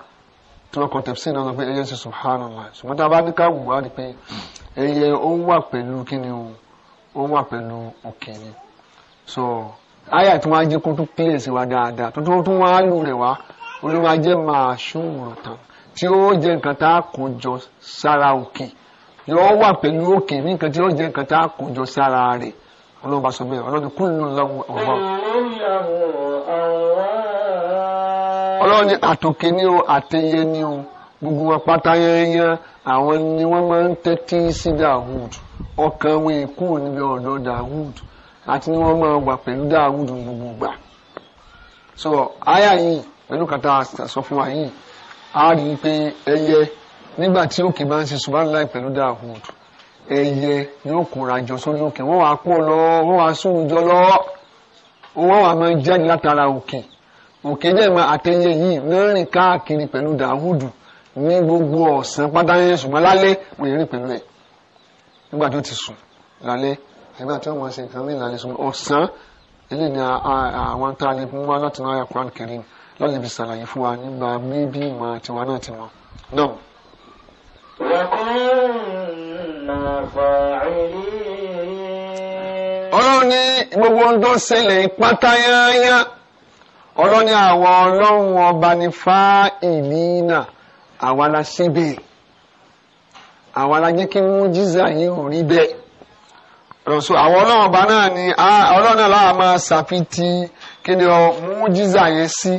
Speaker 2: tí wọ́n kọ́ tẹ̀sí náà lọ pé ẹyẹ ṣe subhanallah ṣùgbọ́n tá a bá ní ká wù á ni pé ẹyẹ ó wà pẹ̀lú kí ni ó wà pẹ̀lú òkè ni so àyà tí wọ́n á jẹ́ kó tún pílẹ̀sì wa dáadáa tó tún wọ́n á lù rẹ̀ wá olúwa jẹ́ máa ṣùgbọ́n tán tí ó jẹ́ nǹkan tá a kó jọ sára òkè yóò wà pẹ̀lú òkè ní nǹkan tí ó jẹ́ nǹkan tá a kó jọ sára rẹ̀ ọlọ́run sọ bẹ́ẹ̀ ọlọ́run kúlù lọ́wọ́ ọlọ́run ní àtòkè ní o àtẹyẹ ní o gbogbo wọn pátá àwọn ni wọ́n máa ń tẹ́tí sí Dawud ọkàn wọn èkó níbi ọ̀dọ̀ Dawud àti ni wọ́n máa wà pẹ̀lú Dawud gbogbo gbà so àyà yìí pẹ̀lú kàtà sọ fún wa yìí a rí i pé ẹyẹ nígbà tí òkè máa ń ṣe subhanallah pẹ̀lú Dawud ẹyẹ yóò kóra jọ sórí òkè wọ́n wàá kó lọ wọ́n wàá sùn jọ lọ wọ́n wàá máa jáde látara òkè. Okay òkèjèmọ àtẹyẹ yìí wọ́n rìn káàkiri pẹ̀lú dàhùdù ní gbogbo ọ̀sán pátá yẹn ṣùgbọ́n lálẹ́ wọ́n yẹn rìn pẹ̀lú ẹ̀ nígbà tó ti sùn lálẹ́ àgbà tí wọ́n ṣe nǹkan mìíràn lálẹ́ ṣùgbọ́n ọ̀sán ilé ni àwọn tá a lè mú wá láti náà yà Quran Karim lọ́lẹ̀ bí sàlàyé fún wa nígbà mébí ìmọ̀ tiwa náà ti mọ̀ náà. ọlọ́run ní gbogbo ohun tó pátá yáyá ọlọ́ni àwọn ọlọ́run ọba ní fáìlínà àwọn aláṣẹ́bẹ̀ àwọn alájẹ́ kí wọ́n jíza yín ò rí bẹ́ẹ̀ lọ́sọ àwọn ọlọ́run ọba náà ni ọlọ́run náà láà máa ṣàfitì kí ni ọ mú jíza yẹn sí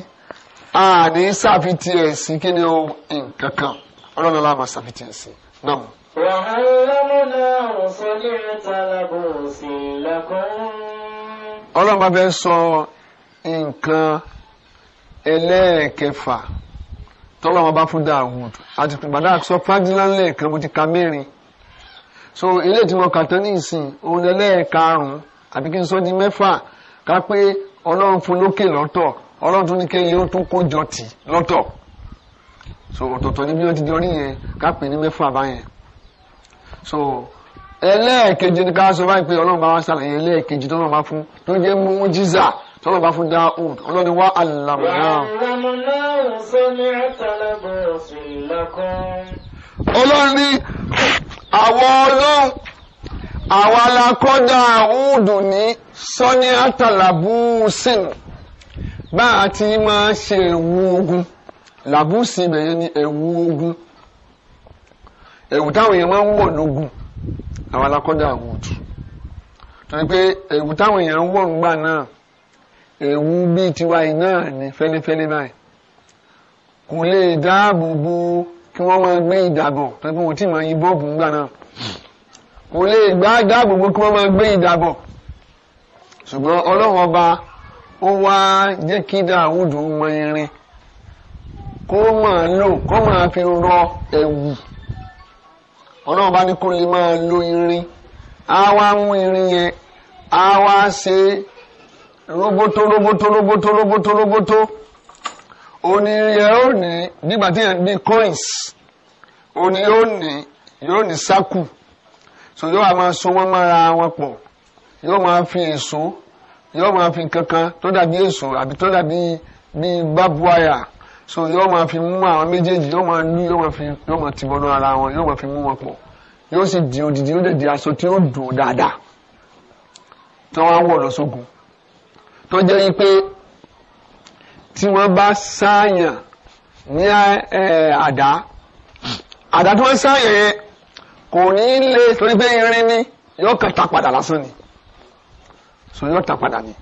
Speaker 2: àní ṣàfitì ẹ̀ sí kí ni ọ nǹkan ọlọ́run náà láà máa ṣàfitì ẹ̀ sí náà. ọlọ́run bá fẹ́ sọ nǹkan ẹlẹ́ẹ̀kẹfà tọ́lọ́ wọn bá fún Dawud àti bàdá sọ fájìlánlẹ̀ kan mo ti ka mẹ́rin so ilé ìtumọ̀ kàtán ní ìsìn òun ẹlẹ́ẹ̀karùn-ún àbí kí n sọ di mẹ́fà ká pé ọlọ́run fún lókè lọ́tọ̀ ọlọ́run tún ní kéye ó tún kójọ tì lọ́tọ̀ so ọ̀tọ̀ọ̀tọ̀ níbi ó ti di orí yẹn ká pè ní mẹ́fà báyẹn so ẹlẹ́ẹ̀kejì ni ká sọ báyìí pé ọlọ́run bá wá sàlàyé ẹlẹ́ẹ̀kejì tó náà wá fún tó jẹ́ mú jíza tọ́lọ̀ bá fún Dáúd ọlọ́ni wá àlàmù náà. ọlọ́ni àwọ̀ ọlọ́run
Speaker 1: àwa la kọ́ Dáúd
Speaker 2: ní sọ́ni àtàlàbùsìn bá a ti máa ṣe ẹ̀wù ogun làbùsìn bẹ̀yẹn ni ẹ̀wù ogun ẹ̀wù táwọn èèyàn máa ń wọ̀ lógun àwa la kọ́ torí pé ẹ̀wù táwọn èèyàn ń wọ̀ ń gbà náà ewu bíi tiwa yìí náà ní fẹ́lẹ́fẹ́lẹ́ báyìí kò lè dáàbò bo kí wọ́n máa gbé ìdàbọ̀ tàbí wọ́n ti máa yin bọ́ọ̀bù ńgbà náà kò lè gbá dáàbò bo kí wọ́n máa gbé ìdàbọ̀ ṣùgbọ́n ọlọ́run ọba ó wá jẹ́ kí Dáúdù mọ irin kó máa lò kó máa fi rọ ẹ̀wù ọlọ́run bá ní kó lè máa lo irin á wá mú irin yẹn á wá ṣe é roboto roboto roboto roboto roboto Oni, yẹn ó ní nígbà tí yẹn bí coins Oni, yóò ní yóò ní sákù so yóò wá máa so wọn mọ́ra wọn pọ̀ yóò máa fi èso yóò máa fi kankan tó dàbí èso àbí tó dàbí bíi bábúáyà so yóò máa fi mú àwọn méjèèjì yóò máa lú yóò máa fi yóò máa ti bọnú ara wọn yóò máa fi mú wọn pọ̀ yóò sì di odidi yóò dẹ̀ di aṣọ tí yóò dùn dáadáa tí wọ́n á wọ̀ lọ sógun. So tó jẹ́ wípé tí wọ́n bá sáàyàn ní àdá àdá tí wọ́n sáàyàn yẹn kò ní lè torí pé irin ni yóò kàn ta padà lásán ni so yóò ta padà ni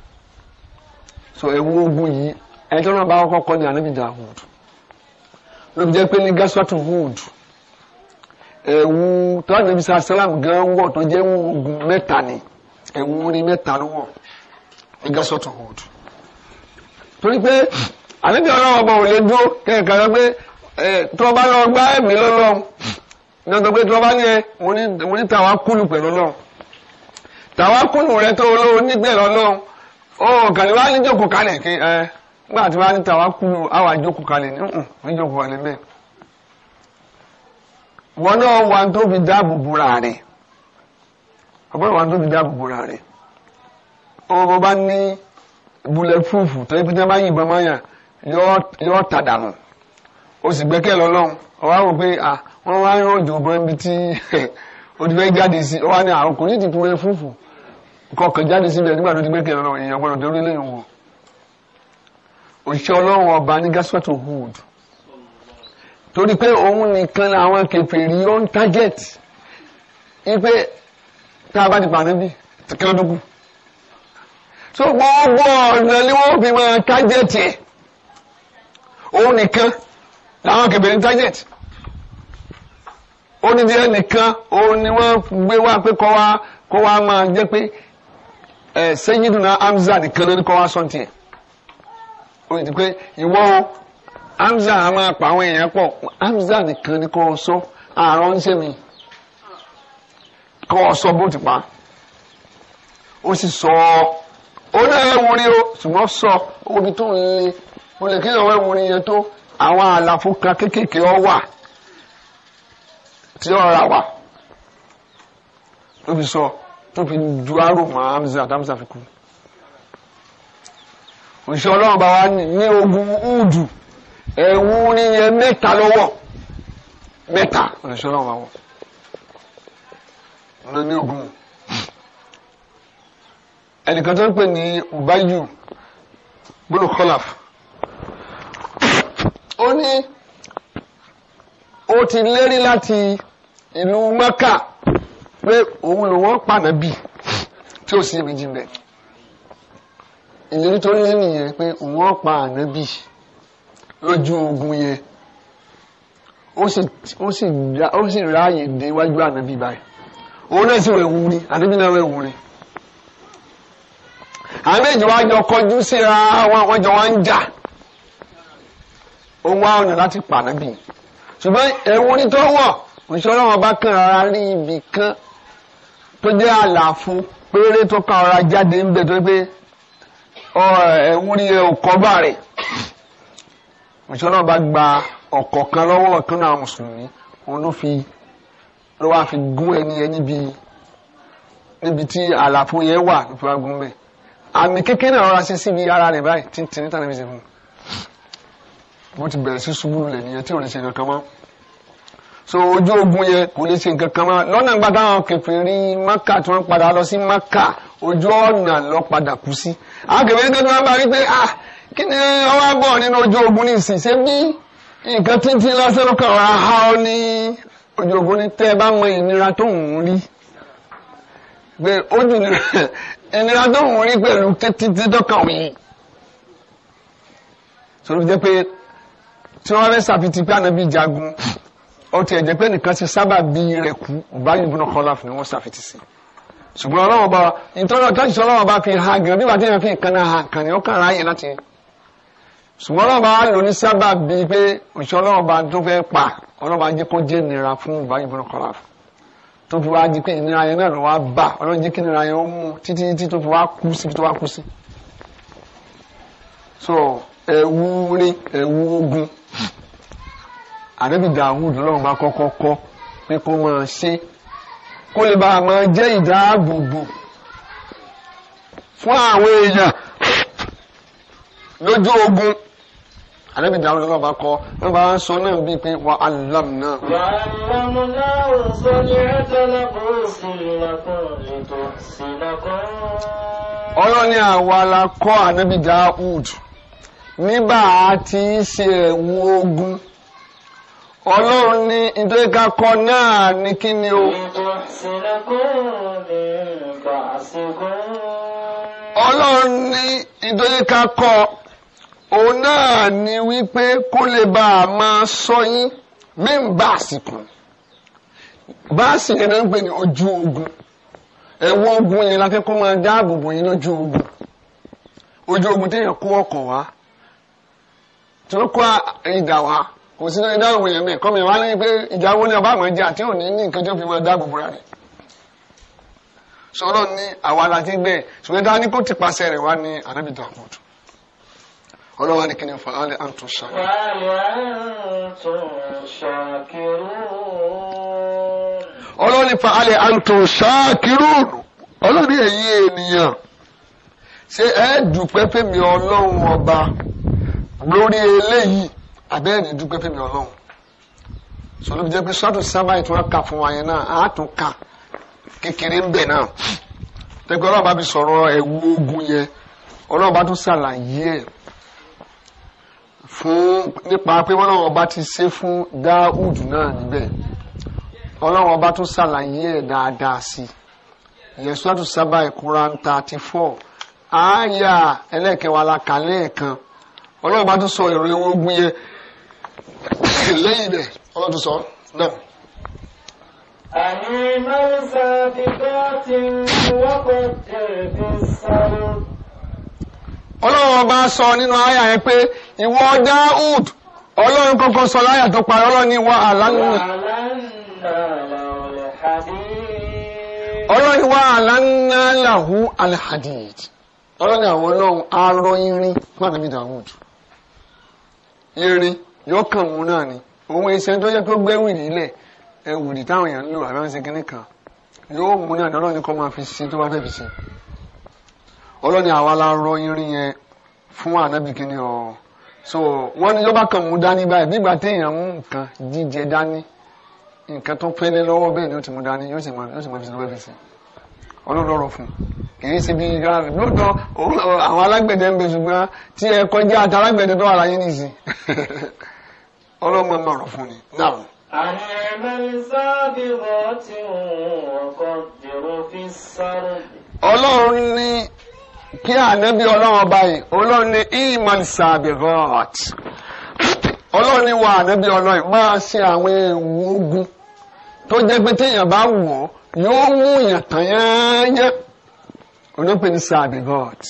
Speaker 2: so ewu ogun yìí ẹni tó náà bá kọ́kọ́ kọ́ ni ànábìjà hood ló fi jẹ́ pé ní gaswatu hood ẹ̀wù tó ànábìjà sálàm gan wọ̀ tó jẹ́ ewu ogun mẹ́ta ni ẹ̀wù orin mẹ́ta ló wọ̀ ìgásọ̀tún Hud torí pé àníbi ọ̀rọ̀ ọba ò lè dúró kẹ́kẹ́ lọ pé tí wọ́n bá lọ gbá ẹ̀mí lọ́lọ́run ní ọ̀dọ̀ pé tí wọ́n bá ní ẹ mo ní tàwa kúlù pẹ̀lú Ọlọ́run tàwa kúlù rẹ tó olówó nígbẹ̀rẹ̀ Ọlọ́run ó kàlí wá ní jókòó kalẹ̀ kí ẹ nígbà tí wọ́n ní tàwa kúlù àwa jókòó kalẹ̀ ní nǹkan ní jókòó kalẹ̀ bẹ́ẹ̀ wọn náà wà tó fi dáàbò bora rẹ̀ ọgbọ́n wà tó fi dáàbò bora rẹ̀ wọn bó bá ní bulletproof tó yẹ pété máa yìnbọn máa yàn yọ ta dànù o sì gbẹ́kẹ̀ lọ́lọ́run ọwọ́ àwọn pé wọ́n wá ń rọ̀jò bọ́ ibi tí o ti fẹ́ jáde sí ọwọ́ ni àwọn kò ní ti bulletproof kọkàn jáde síbẹ̀ nígbà tó ti gbẹ́kẹ̀ lọ́lọ́run èèyàn gbọ́dọ̀ dórí lẹ́yìn wọn òṣìṣẹ́ ọlọ́run ọba ní gásùwẹ̀tò hood torí pé òun nìkan làwọn kèfèrí on target ipe tá a bá ti pàdé bí kílódógún so gbogbo ọ̀nà ni wọ́n fi máa tájẹ̀tì òun nìkan làwọn kẹbẹ̀rẹ̀ ń tájẹ̀tì ó ní nìkan òun ni wọ́n gbé wá pé kọ́ wá kọ́ wá máa jẹ́ pé ẹ̀ Sayyiduna Hamza nìkan ló kọ́ wá ti pé o a kọ́ ọ sọ àárọ̀ ń pa ó sọ ó ní ẹ̀wù rí o ṣùgbọ́n sọ omi tó ń le o lè kí ìyàwó ẹ̀wù rí yẹn tó àwọn àlàfo kan kéékèèké ọ wà tí ọ̀rá wà tó fi sọ tó fi ju arò mọ́ amza àtàmza fi òṣìṣẹ́ ọlọ́run bá wa ní ogun údù ẹ̀wù rí yẹn mẹ́ta lọ́wọ́ mẹ́ta òṣìṣẹ́ ọlọ́run bá wọ̀ ní ogun ẹnìkan tó ń pè ní ubayu bùnú kọlaf ó ní ó ti lérí láti ìlú mẹ́kà pé òun lòun pàdé bì tí ó sì méjì bẹ́ẹ̀ ìlérí tó ní nìyẹn pé òun pa ànábì lójú ogun yẹn ó sì ó sì ráàyè dé iwájú ànábì báyìí òun náà sì rẹ̀ wù rí ànábì náà rẹ̀ wù rí
Speaker 1: àwọn méjì wá jọ kọjú
Speaker 2: síra wọn àwọn jọ wá ń jà ó wá ọ̀nà láti pàná bì ṣùgbọ́n ẹ̀wọ̀n onítọ́wọ̀ òṣìṣẹ́ wọn bá kàn rárá rí ibì kan tó jẹ́ àlàfo péré tó kàn rárá jáde ń bẹ tó pé ẹ̀wọ̀n orí ọkọ̀ bá rẹ̀ òṣìṣẹ́ wọn bá gba ọkọ̀ kan lọ́wọ́ ọ̀kan náà mùsùlùmí wọn ló fi ló wá fi gún ẹni ẹni bíi níbi tí àlàfo yẹn wà ló fi àmì kékeré náà rọra ṣe síbi ara rẹ̀ báyìí tí tìǹtà náà fi ṣe fún wọ́n ti bẹ̀rẹ̀ sí ṣubú lulẹ̀ nìyẹn tí ò lè ṣe nǹkan kan mọ́ so ojú ogun yẹn kò lè ṣe nǹkan kan mọ́ lọ́nà ìgbà táwọn kèfèrí maka tí wọ́n padà lọ sí maka ojú ọ̀nà lọ padà kú sí àwọn kèfèrí kan wọ́n bá rí pé ah kí ni ọwọ́ bọ̀ nínú ojú ogun ní ìsìn ṣé bí nǹkan títí lásán ló kàn wá ha ọ ní ìnira dóhùn rí pẹ̀lú títí dọ́kàn mi. sọ̀rọ̀ jẹ́ pé tí wọ́n rẹ́ sàfitì pé ànábì jagun ó tiẹ̀ jẹ́ pé nìkan ṣe sábà bí rẹ̀ kú Ubayy ibn Khalaf ni wọ́n sàfitì sí. ṣùgbọ́n ọlọ́run ọba ìtọ́jú ọ̀tọ́jú sọ ọlọ́run ọba fi ha gan nígbà tí wọ́n fi nǹkan náà ha kàn ní ó kàn ráyè láti. ṣùgbọ́n ọlọ́run ọba lò ní sábà bíi pé òṣìṣẹ́ ọlọ́run ọba tó fẹ́ pa ọlọ́run ọba jẹ́ kó jẹ́ nira fún Ubayy ibn Khalaf tó fi wá pé ìnira yẹn náà ló wá bà ọlọ́run jẹ́ kí ìnira yẹn ó mú títí títí tó fi kú sí tó wá kú sí. so ẹ̀wù rí ẹ̀wù ogun àdébí dàhùd lọ́run bá kọ́kọ́ kọ́ pé kó máa ṣe kó lè bá a máa jẹ́ ìdáàbòbò fún àwọn èèyàn lójú ogun anabi dawuda náà bá kọ wọn bá sọ náà bíi pé wà á lam náà. wà
Speaker 1: á lam náà sọ ní ẹtẹlẹ kó sílẹ̀kùn ètò sílẹ̀kùn.
Speaker 2: ọlọ́ni àwa la kọ́ anabi dawud nígbà tí í ṣe ẹ̀wọ̀n ogun ọlọ́run ní ìdókà kọ náà ní kí ni o.
Speaker 1: ètò sílẹ̀kùn ní ìgbà àsìkò.
Speaker 2: ọlọ́run ní ìdókà kọ òun náà ni wípé kó lè bá a máa sọ yín mẹ́rin báàsì kan báàsì yẹn náà ń pè ní ojú ogun ẹ̀wọ̀n ogun yẹn la fẹ́ kó máa dáàbò bò yín lójú ogun ojú ogun téèyàn kó ọkọ̀ wá tí wọ́n kó ìdà wá kò sí náà ìdáhùn èèyàn mi kọ́ mi wá lẹ́yìn pé ìjà wo ni ọba àwọn ẹja àti òní ní nǹkan tó fi máa dáàbò bò rẹ̀ sọ̀rọ̀ ní àwa la ti ṣùgbọ́n dáa kó ti pàṣẹ rẹ̀ wá ní anábìtàn àpọ̀tù ọlọ́wà ní kíni fa alẹ́ àǹtún ṣàkírù. ọlọ́ni fa alẹ́ àǹtún ṣàkírù ọlọ́ni ẹ̀yin ènìyàn ṣé ẹ dúpẹ́ fẹ́mi ọlọ́run ọba lórí eléyìí abẹ́ẹ̀ni dúpẹ́ fẹ́mi ọlọ́run sọlọ́ bí jẹ́ pé sọ́tún sábà ètò wọn kà fún wa yẹn náà á tún kà kékeré ń bẹ̀ náà tẹ́gbẹ́ ọlọ́run bá sọ̀rọ̀ ẹ̀wù ogun yẹn ọlọ́run tún ṣàlàyé ẹ̀ fún nípa pé ọba ti ṣe fún Dáúd náà níbẹ̀ Ọlọ́wọ́ ọba tún ṣàlàyé ẹ̀ dáadáa sí i ìyẹn sọ́tù sábà ìkúran àáyà ẹlẹ́kẹ̀wá la kà lẹ́ẹ̀kan ọba tún sọ ìròyìn ogun lẹ́yìn náà. Ọlọ́wọ́ sọ nínú àyà yẹn pé. ìwọ Dáúd ọlọ́run kọ́kọ́ sọ láyà tó parí ọlọ́run wa ọlọ́run wa àlánà làwù alhadid ọlọ́run àwọn ọlọ́run arọ irin fún ànábì irin yóò kàn wọn náà ni òun iṣẹ́ tó yẹ kó gbẹ́wì nílẹ̀ ẹ̀wùrì táwọn èèyàn ń lò àbẹ́wọ́nsẹ̀ kínní kan yóò mú náà ọlọ́run máa la rọ irin yẹn fún so wọ́n ní lọ́ba kan mú dání báyìí nígbà téèyàn mú nǹkan jíjẹ dání nǹkan tó pẹ́lẹ́ lọ́wọ́ bẹ́ẹ̀ ni ó ti mú dání yóò sì máa yóò sì máa fi sọ́wọ́ fi sí ọlọ́dọ̀ọ̀rọ̀ fún kì ṣe bí yàrá rẹ̀ lóòótọ́ àwọn alágbẹ̀dẹ ń bẹ ṣùgbọ́n tí ẹ kọjá àti alágbẹ̀dẹ tó wà láyé nìyí ọlọ́mọ máa rọ̀ fún ni náà. ọlọ́run ní kí ànábì ọlọ́run ọba yìí ọlọ́run ní iman sabirat ọlọ́run ní wa ànábì ọlọ́run máa ṣe àwọn ẹ̀wù ogun tó jẹ́ pé téèyàn bá wọ̀ yóò mú èèyàn tán yányá olóòpè ní sabirat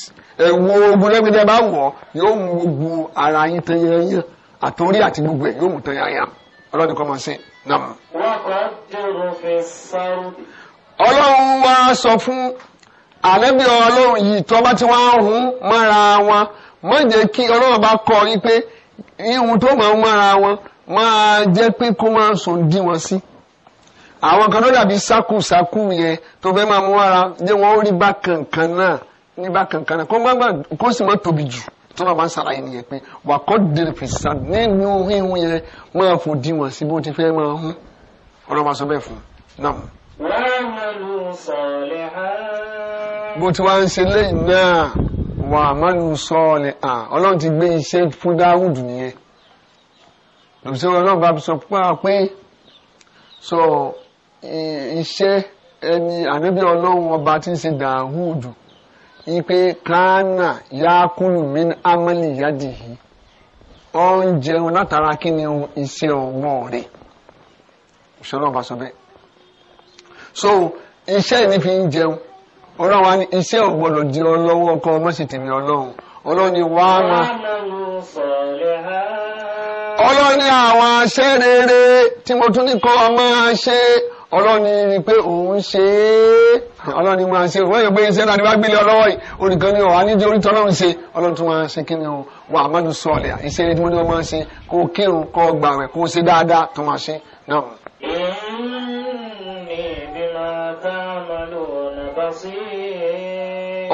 Speaker 2: ẹ̀wù ogun lẹ́gbẹ̀dẹ́ bá wọ̀ yóò mú gbogbo ara yín tán yányá àtòrí àti gbogbo ẹ̀ yóò mú tán yányá ọlọ́run kọ́ máa ṣe náà.
Speaker 1: wọ́n kọ́ dèrò
Speaker 2: ànábì ọlọ́run yìí tó bá ti wá ń hun mọ́ra wọn má jẹ́ kí ọlọ́run bá kọ́ yín pé ihun tó máa ń mọ́ra wọn máa jẹ́ pé kó máa sùn dí wọn sí. àwọn kan tó dàbí sákùsákù yẹn tó fẹ́ máa mú ara jẹ́ wọ́n rí bákan kan náà ní bákan kan náà kó má gbà kó sì má tóbi jù tó bá máa ń ṣàlàyé nìyẹn pé wà á kọ́ dèrè fèsì nínú ihun yẹn máa fò dí wọn sí bó ti fẹ́ máa hun ọlọ́run máa sọ bẹ́ẹ̀ fún un náà.
Speaker 1: wọ́n á máa sọ̀rọ̀
Speaker 2: bó ti wá ń ṣe lẹ́yìn náà wà á máa ń sọ ọ ni à ọlọ́run ti gbé iṣẹ́ fún dáhùdù nìyẹn lọ́sẹ̀ ọlọ́run bá sọ pé sọ iṣẹ́ ẹni ọlọ́run ọba ti ń ṣe ipe kánà yakulu min amali yadihi ọ ń jẹun látara kí ni iṣẹ́ ọwọ́ rẹ̀ ìṣọlọ́ba sọ bẹ́ẹ̀ so iṣẹ́ ìní fi ń jẹun ọlọ́run wa iṣẹ́ ò gbọ́dọ̀ di ọlọ́wọ́ ọkọ ọmọ sì tèmi ọlọ́run ọlọ́run ni wàá ma. ọlọ́run ni àwọn aṣẹ́ rere tí mo tún ní kọ́ ọmọ aṣẹ́ ọlọ́run ni ni pé òun ṣe é ọlọ́run ni máa ṣe òun yóò gbé iṣẹ́ náà ni wàá gbélé ọlọ́wọ́ yìí olùkan ni ọ̀hán níjẹ́ orí tọ́lọ́run ṣe ọlọ́run tún máa ṣe kíni o wà àmọ́dún sọ̀lẹ̀ iṣẹ́ rere tí mo ní wọ́n máa ṣe kó kírun kó gbàwẹ̀ kó ṣe dáadáa tó máa ṣe náà.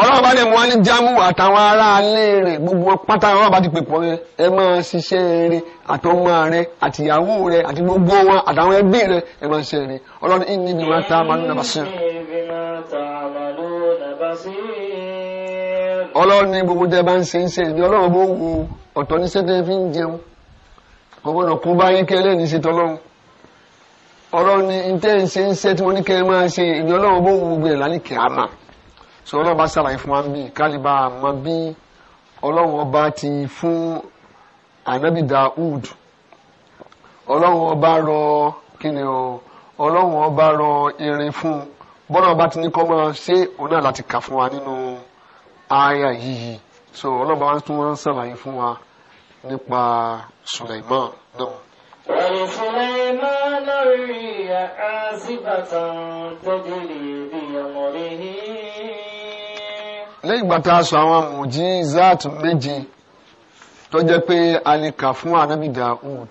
Speaker 2: ọlọ́run bá ní wọ́n ní jámù àtàwọn ará alẹ́ rẹ̀ gbogbo pátá ọlọ́run bá ti pè pọ̀ rẹ̀ ẹ máa ṣiṣẹ́ rẹ̀ àtọmọ rẹ̀ àtìyàwó rẹ̀ àti gbogbo wọn àtàwọn ẹbí rẹ̀ ẹ máa ṣiṣẹ́ rẹ̀ ọlọ́run ìní ni wọ́n ta màlúù nàbà sí. ọlọ́run ní gbogbo tẹ́ bá ń ṣe ń ṣe ìdí ọlọ́run bó wu ọ̀tọ̀ ní sẹ́tẹ́ fi ń jẹun kò kú bá yín kẹ́lẹ́ ní ṣètò ọlọ́run ọlọ́run ní ntẹ́ ń ṣe ń ṣe tí mo ní kẹ́ máa ṣe ìdí ọlọ́run bó wu gbẹ̀rẹ̀ lálẹ́ kẹ́ àmà so ọlọ́run bá ṣàlàyé fún wa bí kálíbà àmọ́ bí ọlọ́run ọba ti fún anabi Daud ọlọ́run ọba rọ kí ni o ọlọ́run ọba rọ irin fún bọ́lá ọba ti ní kọ́ mọ́ ṣé òun náà láti kà fún wa nínú aya yìí so ọlọ́run bá wa tún wọ́n ṣàlàyé fún wa nípa Suleiman náà.
Speaker 1: ولسليمان الريح عاصفة تجري بأمره
Speaker 2: lẹ́yìn ìgbà tá a sọ àwọn mujizat méje tó jẹ́ pé a lè kà fún anabi Daud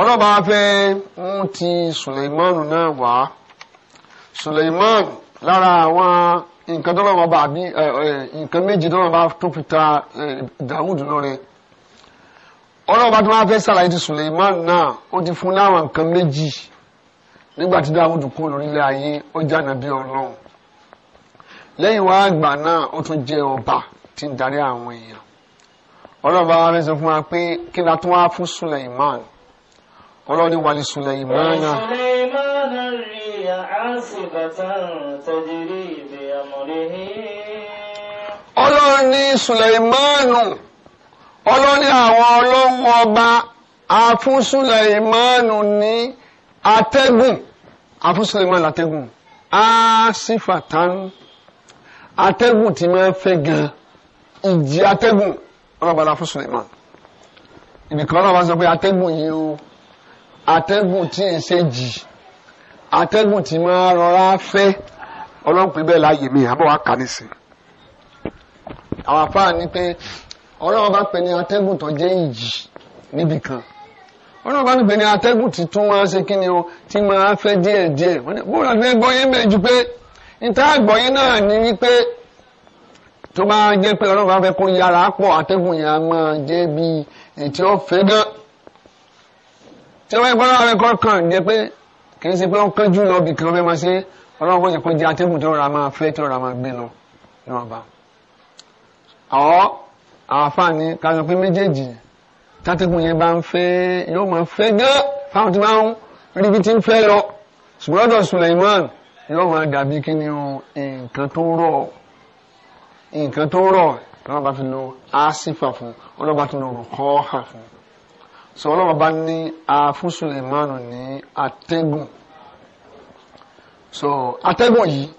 Speaker 2: ọlọ́ba fẹ́ mú ti Suleimanu náà wá Suleiman lára àwọn nǹkan tó lọ́wọ́ bá àbí nǹkan méje tó lọ́wọ́ bá tó fi ta Daud lọ́rẹ ọlọ́ba tó máa fẹ́ sàlàyé ti Suleiman náà ó ti fún láwọn nǹkan méjì nígbà tí Daud kú lórílẹ̀ ayé ó jà nàbí ọlọ́run lẹ́yìn wá àgbà náà ó tún jẹ́ ọba tí ń darí àwọn èèyàn ọlọ́ba rẹ̀ sọ fún wa pé kí la tún wá fún Suleiman ọlọ́ni wàlí Suleiman náà.
Speaker 1: Suleiman rìyà àṣìbàtàn tajiri bi amrihi.
Speaker 2: ọlọ́ni Suleimanu ọlọ́ni àwọn ọlọ́run ọba àfún Suleimanu ní atẹ́gùn àfún Suleiman látẹ́gùn àṣìfàtàn atẹ́gùn ti máa ń fẹ́ gan ìjì atẹ́gùn ọlọ́bàdà fún Suleiman ìbìkan ọlọ́bàdà sọ pé atẹ́gùn yìí o atẹ́gùn tí ì ṣe jì atẹ́gùn tí máa rọra fẹ́ ọlọ́pìn bẹ́ẹ̀ láàyè mi àbọ̀ wá kà nísìn àwọn afáà ní pé ọlọ́wọ́n pè ní atẹ́gùn tó jẹ́ ìjì níbìkan ọlọ́run bá níbẹ̀ ni atẹ́gùn ti tún máa ṣe kí ni o ti máa fẹ́ díẹ̀ díẹ̀ wọ́n ní bóun àti ẹgbọ́n yẹn bẹ̀ pé níta àgbọ̀yé náà ni wípé tó máa jẹ́ pé ọlọ́run bá fẹ́ kó yára pọ̀ atẹ́gùn yẹn á máa jẹ́ bí ètí ó fẹ́ gan tí wọ́n gbọ́dọ̀ àwọn ẹ̀kọ́ kan jẹ́ pé kì í ṣe pé wọ́n kánjú lọ bì kí wọ́n fẹ́ máa ṣe ọlọ́run kọ́jà kó jẹ́ atẹ́gùn tó rọra máa fẹ́ tó rọra máa gbé lọ níwọ̀nba. àwọn àǹfààní ká sọ pé méjèèjì tátẹ́gùn yẹn bá ń fẹ́ yóò máa fẹ́ gan fáwọn tí wọ́n rí yóò máa dàbí kí ni o nǹkan tó rọ̀ nǹkan tó rọ̀ lọ́wọ́ bá fi lo àásìfà fún ọlọ́wọ́ bá fi lo rùkọ́ọ̀hà fún sọ ọlọ́wọ́ bá ní afúnṣùlẹ̀mánu ní atẹ́gùn so atẹ́gùn yìí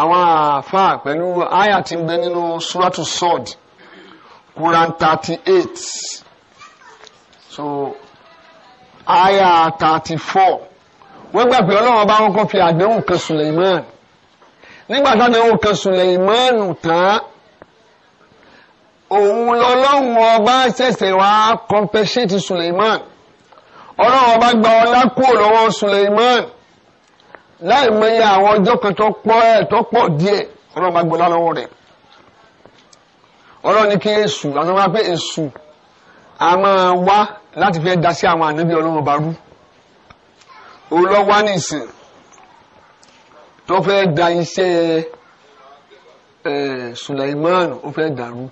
Speaker 2: àwọn àáfàá pẹ̀lú àyà tí ń bẹ nínú suratu sọ́ọ̀dì Quran thirty eight so àyà thirty four wọ́n gbà pé ọlọ́run bá wọn kọ́ fi àdéhùn kan Suleiman nígbà tádéhùn kan Suleiman tán òun lọ́lọ́run ọba ṣẹ̀ṣẹ̀ wá compensate Suleiman ọlọ́run ọba gba ọlá kúrò lọ́wọ́ Suleiman láì mọye àwọn ọjọ́ kan tó pọ̀ ẹ̀ tó pọ̀ díẹ̀ ọlọ́run ọba gbọ́lá lọ́wọ́ rẹ̀ ọlọ́run ní kí èṣù àwọn ọba pé èṣù a máa wá láti fi ẹ́ da sí àwọn ànábì ọlọ́run ọba rú olọ́wà nìsín tó fẹ́ da iṣẹ́ Suleiman ó fẹ́ dàrú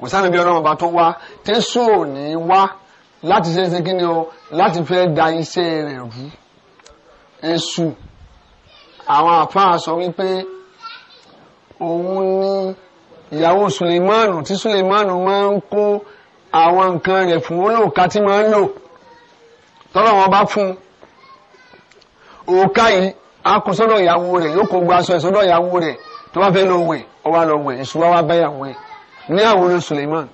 Speaker 2: kò sáà níbi ọlọ́run ọba tó wá tẹ́sù ò ní wá láti ṣe ṣe kíni o láti fẹ́ da iṣẹ́ rẹ̀ rú èṣù àwọn àfáà sọ wípé òun ni ìyàwó Suleimanu tí Suleimanu máa ń kó àwọn nǹkan rẹ̀ fún olóòka tí máa ń lò tọ́lọ̀ wọn bá fún un òòkà yìí akọ sọ́dọ̀ ìyàwó rẹ̀ yóò kó gba aṣọ ẹ̀ sọ́dọ̀ ìyàwó rẹ̀ tó bá fẹ́ lọ wẹ̀ ọ wá lọ wẹ̀ èṣù wá wá bá ìyàwó ẹ̀ ní àwòrán Suleiman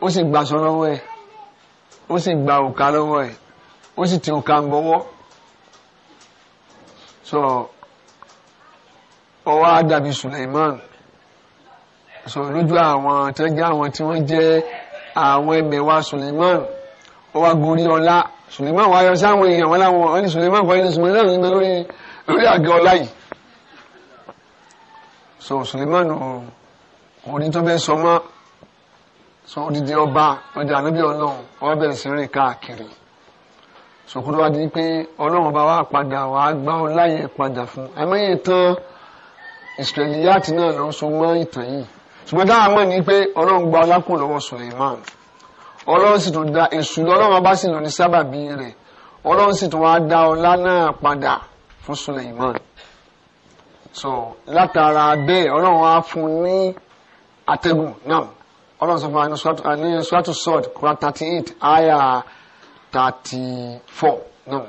Speaker 2: ó sì gba aṣọ lọ́wọ́ ẹ̀ ó sì gba òòkà lọ́wọ́ ẹ̀ ó sì ti òòkà ń bọ́wọ́ so ó wá dàbí Suleiman so lójú àwọn tó jẹ́ àwọn tí wọ́n jẹ́ àwọn ẹ̀mẹ̀wá Suleiman ó wá ọlá. Suleiman wa yọ sáwọn èèyàn wọn láwọn wọn ní Suleiman kọ́ ní Suleiman náà ní lórí lórí àgẹ́ ọlá yìí so Suleiman orí tó bẹ́ẹ̀ sọ mọ́ so odidi ọba ọjà níbi ọlọ́run ọba bẹ̀rẹ̀ sí rìn káàkiri sòkúrò wá di pé ọlọ́run bá wá padà wá gbá ọlá yẹn padà fún ẹ̀mẹ́yìn tán Israeliyat náà ló so ìtàn yìí ṣùgbọ́n dáhà mọ́ ni pé ọlọ́run gba ọlá kù lọ́wọ́ Suleiman ọlọ́run sì tún da èṣù lọ́lọ́run bá sì lọ ní sábàbí rẹ̀ ọlọ́run sì tún wá dá ọlá náà padà fún Suleiman so látara bẹ́ẹ̀ ọlọ́run á fún ní atẹ́gùn náà ọlọ́run sọ fún wa ní suratu sọ́ọ̀d kura thirty eight aya thirty four náà.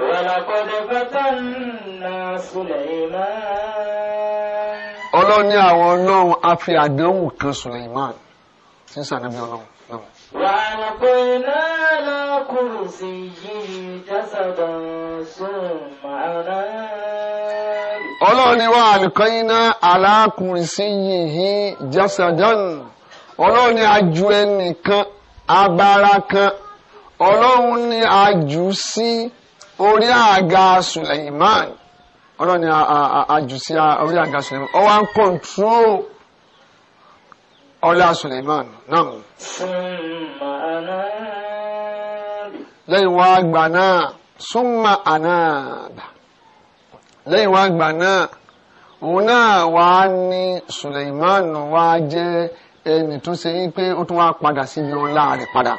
Speaker 1: ولقد فتنا Suleiman.
Speaker 2: ọlọ́run ní àwọn ọlọ́run á fi àdánwò kan Suleiman sísànàbí ọlọ́run.
Speaker 1: وألقينا على كرسيه جسدا ثم أناب alákùnrin
Speaker 2: sí yìí jẹ́sàdán ọlọ́run àjù ẹnìkan abara kan ọlọ́run ni àjù sí orí àga Suleiman ọlọ́run sí orí àga Suleiman ó ọlá Suleiman náà. lẹ́yìn wá gbà náà súnmọ́ ànáàbà lẹ́yìn wá gbà náà òun náà wá ní Suleiman wá jẹ́ ẹni tó ṣe yí pé ó tún wá padà síbi ọlá rẹ̀ padà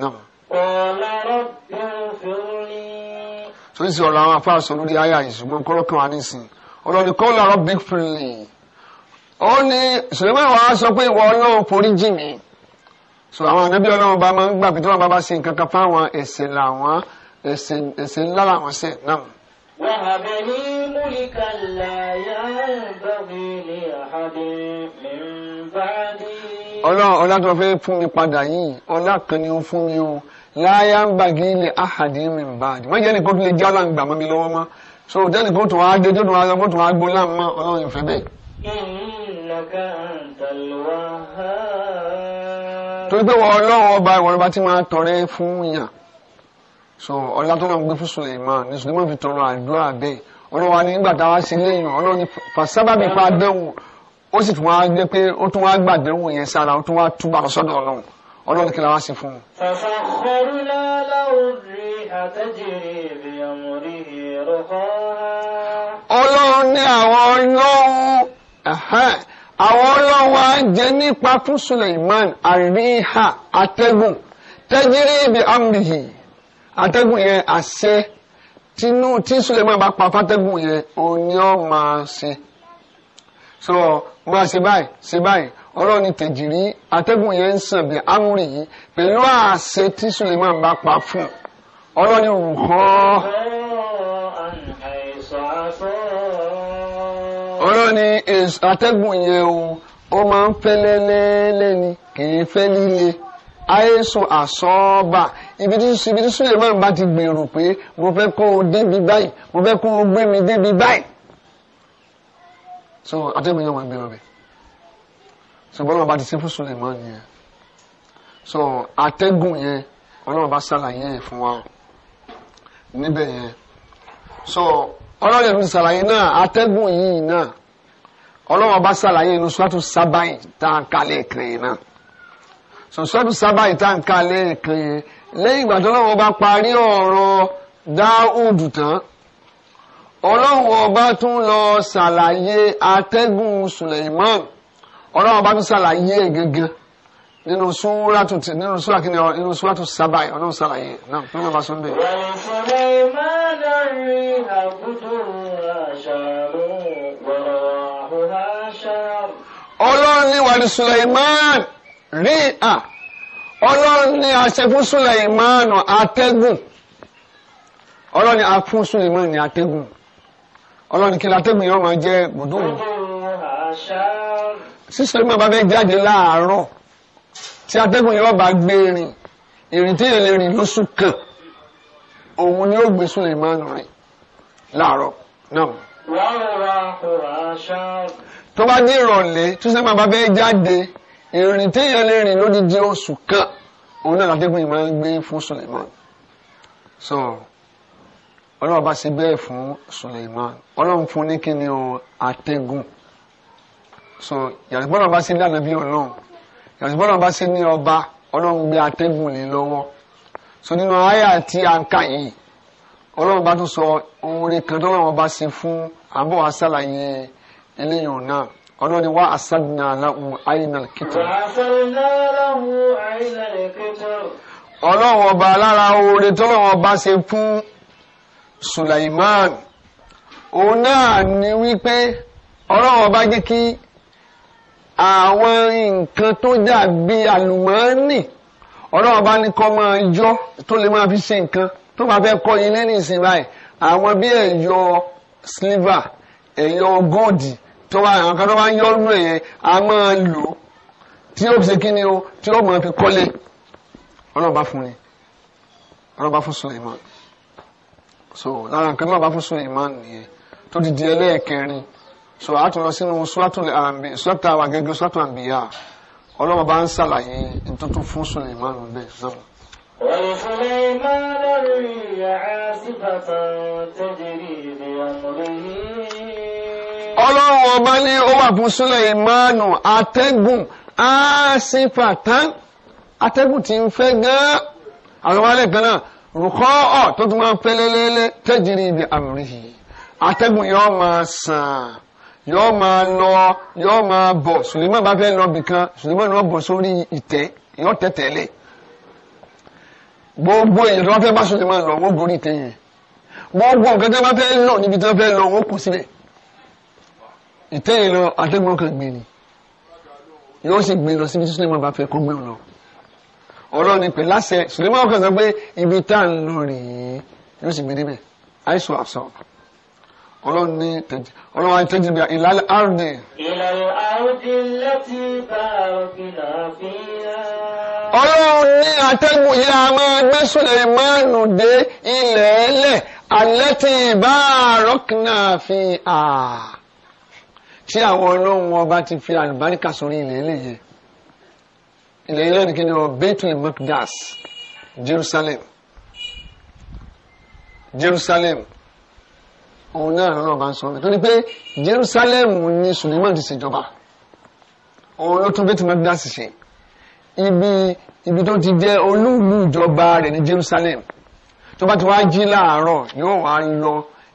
Speaker 2: náà. ọ̀la rọ̀bì fúnni. tó ń sọ̀rọ̀ àwọn afáàsọ lórí àyà ìṣùgbọ́n kọ́lọ́kọ́ wa nísìnyí ọlọ́ni kọ́lá rọ̀bì fúnni ó ní Suleiman wàá sọ pé ìwọ ọlọ́run forí jì mí so àwọn ànábì ọlọ́run bá máa ń gbà pé tí wọ́n bá bá ṣe nǹkan kan fáwọn ẹ̀ṣẹ̀ làwọn ẹ̀ṣẹ̀ ńlá làwọn ṣẹ̀ náà.
Speaker 1: وهب لي ملكا لا ينبغي لأحد من بعدي ọlọ́run
Speaker 2: ọlá tó fẹ́ fún mi padà yìí ọlá kan ni ó fún mi o láyà ń bàgì ilé ahàdì mi ń bá àdì mọ́jẹ́ nìkan tó lè jẹ́ ọlá ń gbà mọ́ mi lọ́wọ́ mọ́ so jẹ́ nìkan tó wá dé tó tó wá gbó láàmú ọlọ́run ìfẹ́ bẹ́ẹ̀ torí pé wọ́n ọlọ́run ọba ìwọ̀n ọba tí máa tọrẹ fún yàn so ọlá tó náà gbé fún Suleiman ní Suleiman fi tọrọ àdúrà bẹ́ẹ̀ ọlọ́run wa ní nígbà tá a wá sí lẹ́yìn ọlọ́run ní fàṣábàbí pa dẹ́hùn ó sì tún wá gbé pé ó tún wá gbàdéhùn yẹn sára ó tún wá túbà sọ́dọ̀ ọlọ́run ọlọ́run kí wá sí fún un. ọlọ́run ní àwọn ọlọ́run àwọn ọlọ́run wa jẹ nípa fún Suleiman àríhà atẹ́gùn tẹ́jírí ibi amrihi atẹ́gùn yẹn àṣẹ tinú tí Suleiman bá pa fátẹ́gùn yẹn òun ni máa ṣe so máa ṣe báyìí ṣe báyìí ọlọ́run ni tẹ̀jìrí atẹ́gùn yẹn ń sàn bí amrihi pẹ̀lú àṣẹ tí Suleiman bá pa fún ọlọ́run ni rùhọ́ọ́. ọlọ́ni àtẹ́gùn yẹn o ó máa ń fẹ́ lẹ́lẹ́lẹ́ ni kì í fẹ́ líle àìsùn àsọ́ọ́bà ibi tí ibi tí Suleiman bá ti gbèrò pé mo fẹ́ kó o débi báyìí mo fẹ́ kó o gbé mi débi báyìí so àtẹ́gùn yẹn máa gbèrò rẹ̀ so bọ́lá bá ti ṣe fún Suleiman yẹn so àtẹ́gùn yẹn ọlọ́run bá ṣàlàyé yẹn fún wa níbẹ̀ yẹn so ọlọ́run yẹn fi ṣàlàyé náà àtẹ́gùn yìí náà ọlọ́wọ́n bá ṣàlàyé inú sọ́tù sábàáyì tá a kà lẹ́ẹ̀kan yẹn náà sọ́tù sábàáyì tá a kà lẹ́ẹ̀kan yẹn lẹ́yìn ìgbà tó lọ́wọ́n bá parí ọ̀rọ̀ dáúdù tán ọlọ́run ọba tún lọ ṣàlàyé atẹ́gùn Suleiman ọlọ́run ọba tún ṣàlàyé ẹ̀ nínú súra tún ti nínú súra kìíní ọ nínú súra tún sábà ọlọ́run ṣàlàyé náà fún
Speaker 1: mi
Speaker 2: ọlọ́run ní wàlí Suleiman rí à ọlọ́run ní àṣẹ Suleiman atẹ́gùn ọlọ́run ní a fún Suleiman ní atẹ́gùn ọlọ́run ní kí latẹ́gùn yóò máa jẹ́ gbùdùn. sí Suleiman bá fẹ́ jáde láàárọ̀ tí atẹ́gùn yóò bá gbé rìn ìrìn tí yẹn lè rìn lóṣù kan òun ni ó gbé Suleiman rìn láàárọ̀ náà. wàá
Speaker 1: rọra kò rà
Speaker 2: tó bá dé ìrọ̀lẹ́ tó sẹ́gbà bá fẹ́ jáde ìrìn téèyàn lè rìn lódìdí oṣù kan òun náà látẹ́gùn yìí máa ń gbé fún Suleiman so ọlọ́run bá ṣe bẹ́ẹ̀ fún Suleiman ọlọ́run fún ní kíni o àtẹ́gùn so yàtọ̀ bọ́lá bá ṣe ní ànábì ọlọ́run yàtọ̀ bọ́lá bá ṣe ní ọba ọlọ́run gbé àtẹ́gùn lé lọ́wọ́ so nínú àyà tí a ń kà yìí ọlọ́run bá tún sọ oore kan tó ọlọ́run bá ṣe fún àbọ̀ àṣàlàyé eléyìí náà ọlọ́run ni wá àṣàdùnà aláhùn àìnàlẹ̀ kìtọ̀. ọlọ́run ọba lára oore tọ́lọ́run ọba ṣe fún Sulaiman òun náà ni wípé ọlọ́run ọba jẹ́ kí àwọn nǹkan tó dàbí àlùmọ́ọ́nì ọlọ́run ọba ní kọ́ máa yọ tó lè máa fi ṣe nǹkan tó bá fẹ́ kọ́ ilé ní ìsìn báyìí àwọn bí ẹ̀yọ silver ẹ̀yọ góòdì tó wá àwọn kan tó wá ń yọ ọ́nú ẹ̀yẹn a máa lò ó tí ó fi kí ni o tí ó máa fi kọ́lé ọlọ́run bá fún ni ọlọ́run bá fún Suleiman so lára nǹkan náà bá fún Suleiman nìyẹn tó ti di ẹlẹ́ẹ̀kẹrin so a tún lọ sínú suratul àmì suratul àwọn agẹgẹ suratul àmìyá ọlọ́run bá ń ṣàlàyé tuntun fún Suleiman bẹ́ẹ̀ sọ́wọ́.
Speaker 1: ولسليمان الريح عاصفة تجري بأمره
Speaker 2: ọlọ́run ọba ní ó wà fún Sùlẹ̀mánù atẹ́gùn àásìfàtán atẹ́gùn tí ń fẹ́ gan-an àwọn wálẹ̀ kan náà rùkọ́ ọ̀ tó tún máa ń fẹ́ lélẹ́lẹ́ tẹ́jìrì ibi àmì yìí atẹ́gùn yóò máa sàn yóò máa lọ yóò máa bọ̀ Sùlẹ̀mánù bá fẹ́ lọ bìkan Sùlẹ̀mánù náà bọ̀ sórí ìtẹ́ yóò tẹ̀tẹ̀lẹ̀ gbogbo èèyàn tó bá fẹ́ bá Sùlẹ̀mánù lọ wọ́n gorí ìtẹ́ yẹn gbogbo nǹkan tó bá fẹ́ lọ níbi tó fẹ́ lọ wọ́n kù síbẹ̀ ìtẹ́ yìí lọ atẹ́gùn kan gbé ni yóò sì gbé lọ síbi tí sinimá bá fẹ́ kó gbé lọ ọ̀rọ̀ ni pé láṣẹ sinimá kan sọ pé ibi tá à ń lọ rèé yóò sì gbé níbẹ̀ àìsàn àṣọ ọlọ́run ní tẹ̀jú ọlọ́run wa tẹ̀jú bí ilà àrùndì.
Speaker 1: ìlà àrùndì láti bá òkìlà fi
Speaker 2: ọlọ́run ní atẹ́gùn yìí a máa gbé Sùlẹ̀mánù dé ilẹ̀ ẹlẹ̀ alẹ́ tí ìbá àrọ́kìnà fi tí àwọn ọlọ́run ọba ti fi àlùbáríkà sórí ilẹ̀ ilé yẹn ilẹ̀ ilé nìkan ni ọ Baitul Maqdas Jerusalem Jerusalem òun náà lọ́nà ọba ń sọ ọ́ torí pé Jerusalem ni Suleiman ti ṣèjọba òun ló tún Baitul Maqdas ṣe ibi ibi tó ti jẹ́ olúùlú ìjọba rẹ̀ ní Jerusalem tó bá ti wá jí láàárọ̀ yóò wá lọ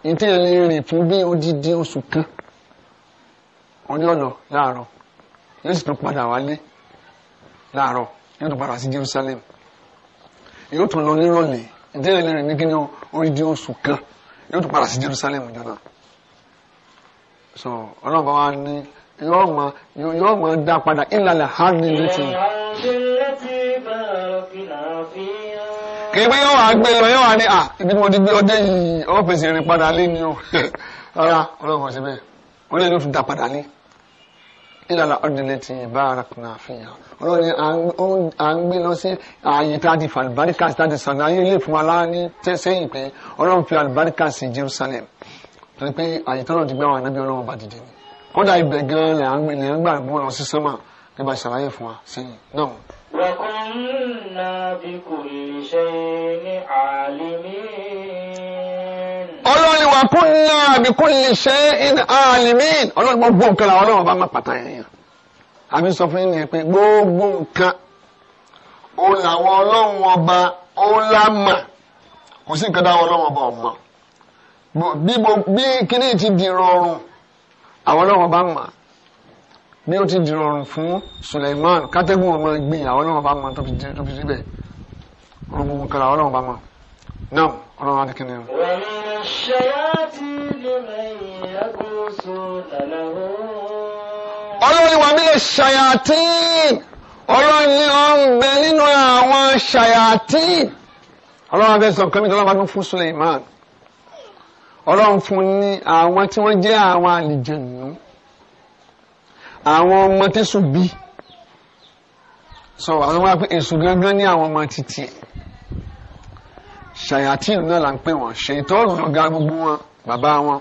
Speaker 2: ìtẹ̀lé rìn fún bí odidi oṣù kan onílọ́nà láàárọ̀ yóò sì tún padà wálé láàárọ̀ yóò tún padà sí Jerusalem yóò tún lọ nírọ̀lẹ́ ìdílé rẹ̀ ní kíni oṣù kan yóò tún padà sí Jerusalem jọ̀nà so ọlọ́run bá wa ní yóò mọ yóò mọ dá padà ìlànà hàmì létí.
Speaker 1: kì í pé yóò wá gbé lọ yóò wá ní à ibi tí mo ti gbé
Speaker 2: ọdẹ yìí ó fèsì rìn padà lé ni o rárá ọlọ́run kò sí bẹ́ẹ̀ ó lè ló dá padà lé ìlànà ọ̀dẹ̀lẹ̀ ti ìbárakùnà àfihàn ọlọ́ni à ń gbé lọ sí ààyè tí a ti fa àlùbáríkà sí láti sàn láyé ilé fún wa láàánú tẹ́sẹ̀yìn pé ọlọ́run fi àlùbáríkà sí Jerusalem torí pé ààyè tọ́lọ̀ ti gbé àwọn ànábì ọlọ́run bá dìde ni kódà ibẹ̀ gan-an lè ń gbà bó lọ sí sánmà nígbà ìṣàlàyé fún wa sẹ́yìn náà.
Speaker 1: وكنا بكل شيء عالمين
Speaker 2: ọlọ́ni wa kún ní àbíkún lè ṣe in alimin ọlọ́ni gbogbo nǹkan làwọn ọlọ́run bá má pàtà yẹn yẹn àmì sọ fún yín pé gbogbo nǹkan ó làwọn ọlọ́run ọba ó lámà kò sí nǹkan dáwọn ọlọ́run ọba ọ̀mọ́ bí kíní ti di rọrùn àwọn ọlọ́run ọba mà bí ó ti di rọrùn fún Suleiman kátẹ́gùn ọmọ gbìn àwọn ọlọ́run ọba mà tó fi síbẹ̀ gbogbo nǹkan làwọn ọlọ́run ọba mà náà ọlọ́run wa ní kíni o.
Speaker 1: ومن الشياطين من يغوصون له
Speaker 2: ọlọ́run ni wàá nílẹ̀ ṣayatín ọlọ́run ni ó ń bẹ nínú àwọn ṣayatín ọlọ́run abẹ́ sọ kọ́mí tọ́lá bá fún Suleiman ọlọ́run fún ní àwọn tí wọ́n jẹ́ àwọn àlìjẹ̀nù àwọn ọmọ tẹ́sùn bí sọ àwọn wá pé èṣù gángan ní àwọn ọmọ títì ẹ̀ ṣàyàtìn náà là ń pè wọ́n ṣe ìtọ́rùn ọ̀gá gbogbo wọn bàbá wọn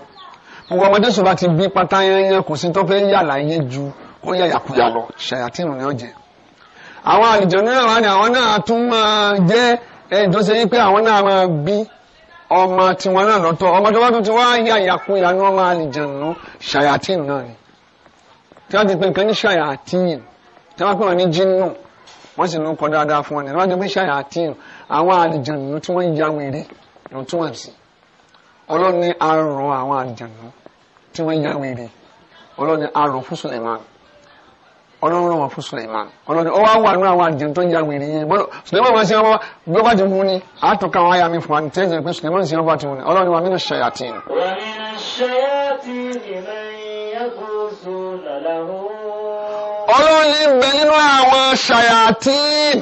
Speaker 2: gbogbo ọmọdé sùn bá ti bí pátá yẹnyẹn kò sí tó fẹ́ yàlà yẹn ju kó yà yàkuyà lọ ṣàyàtìn ní ọ̀jẹ̀ àwọn àlejò náà wà ní àwọn náà tún máa jẹ́ ẹni tó ṣe wípé àwọn náà máa bí ọmọ tiwọn náà lọ́tọ̀ ọmọ tó bá tún ti wá yà yàkuyà ní ọmọ àlejò náà ṣàyàtìn náà ni tí wọ́n ti pè nǹkan ní ṣàyàtìn tí wọ́n pè wọ́n ní jínú wọ́n sì ń kọ́ dáadáa fún wọn ní wọ́n ti pè ṣàyàtìn àwọn àjànú tí wọ́n ya wèrè ló tún wà sí ọlọ́run ní arọ àwọn àjànú tí wọ́n ya wèrè ọlọ́run ní arọ fún Suleiman ọlọ́run ràn wọ́n fún Suleiman ọlọ́run ní ó wá wà nínú àwọn àjànú tó ya wèrè yẹn bọ́dọ̀ Suleiman máa ń wọn bí ó bá ti wúni àtúnkà àwọn àyà fún wa ní pé Suleiman ń wọn bá ti wúni ọlọ́run ní wa nínú
Speaker 1: ọlọ́run ní bẹ nínú àwọn ṣayatin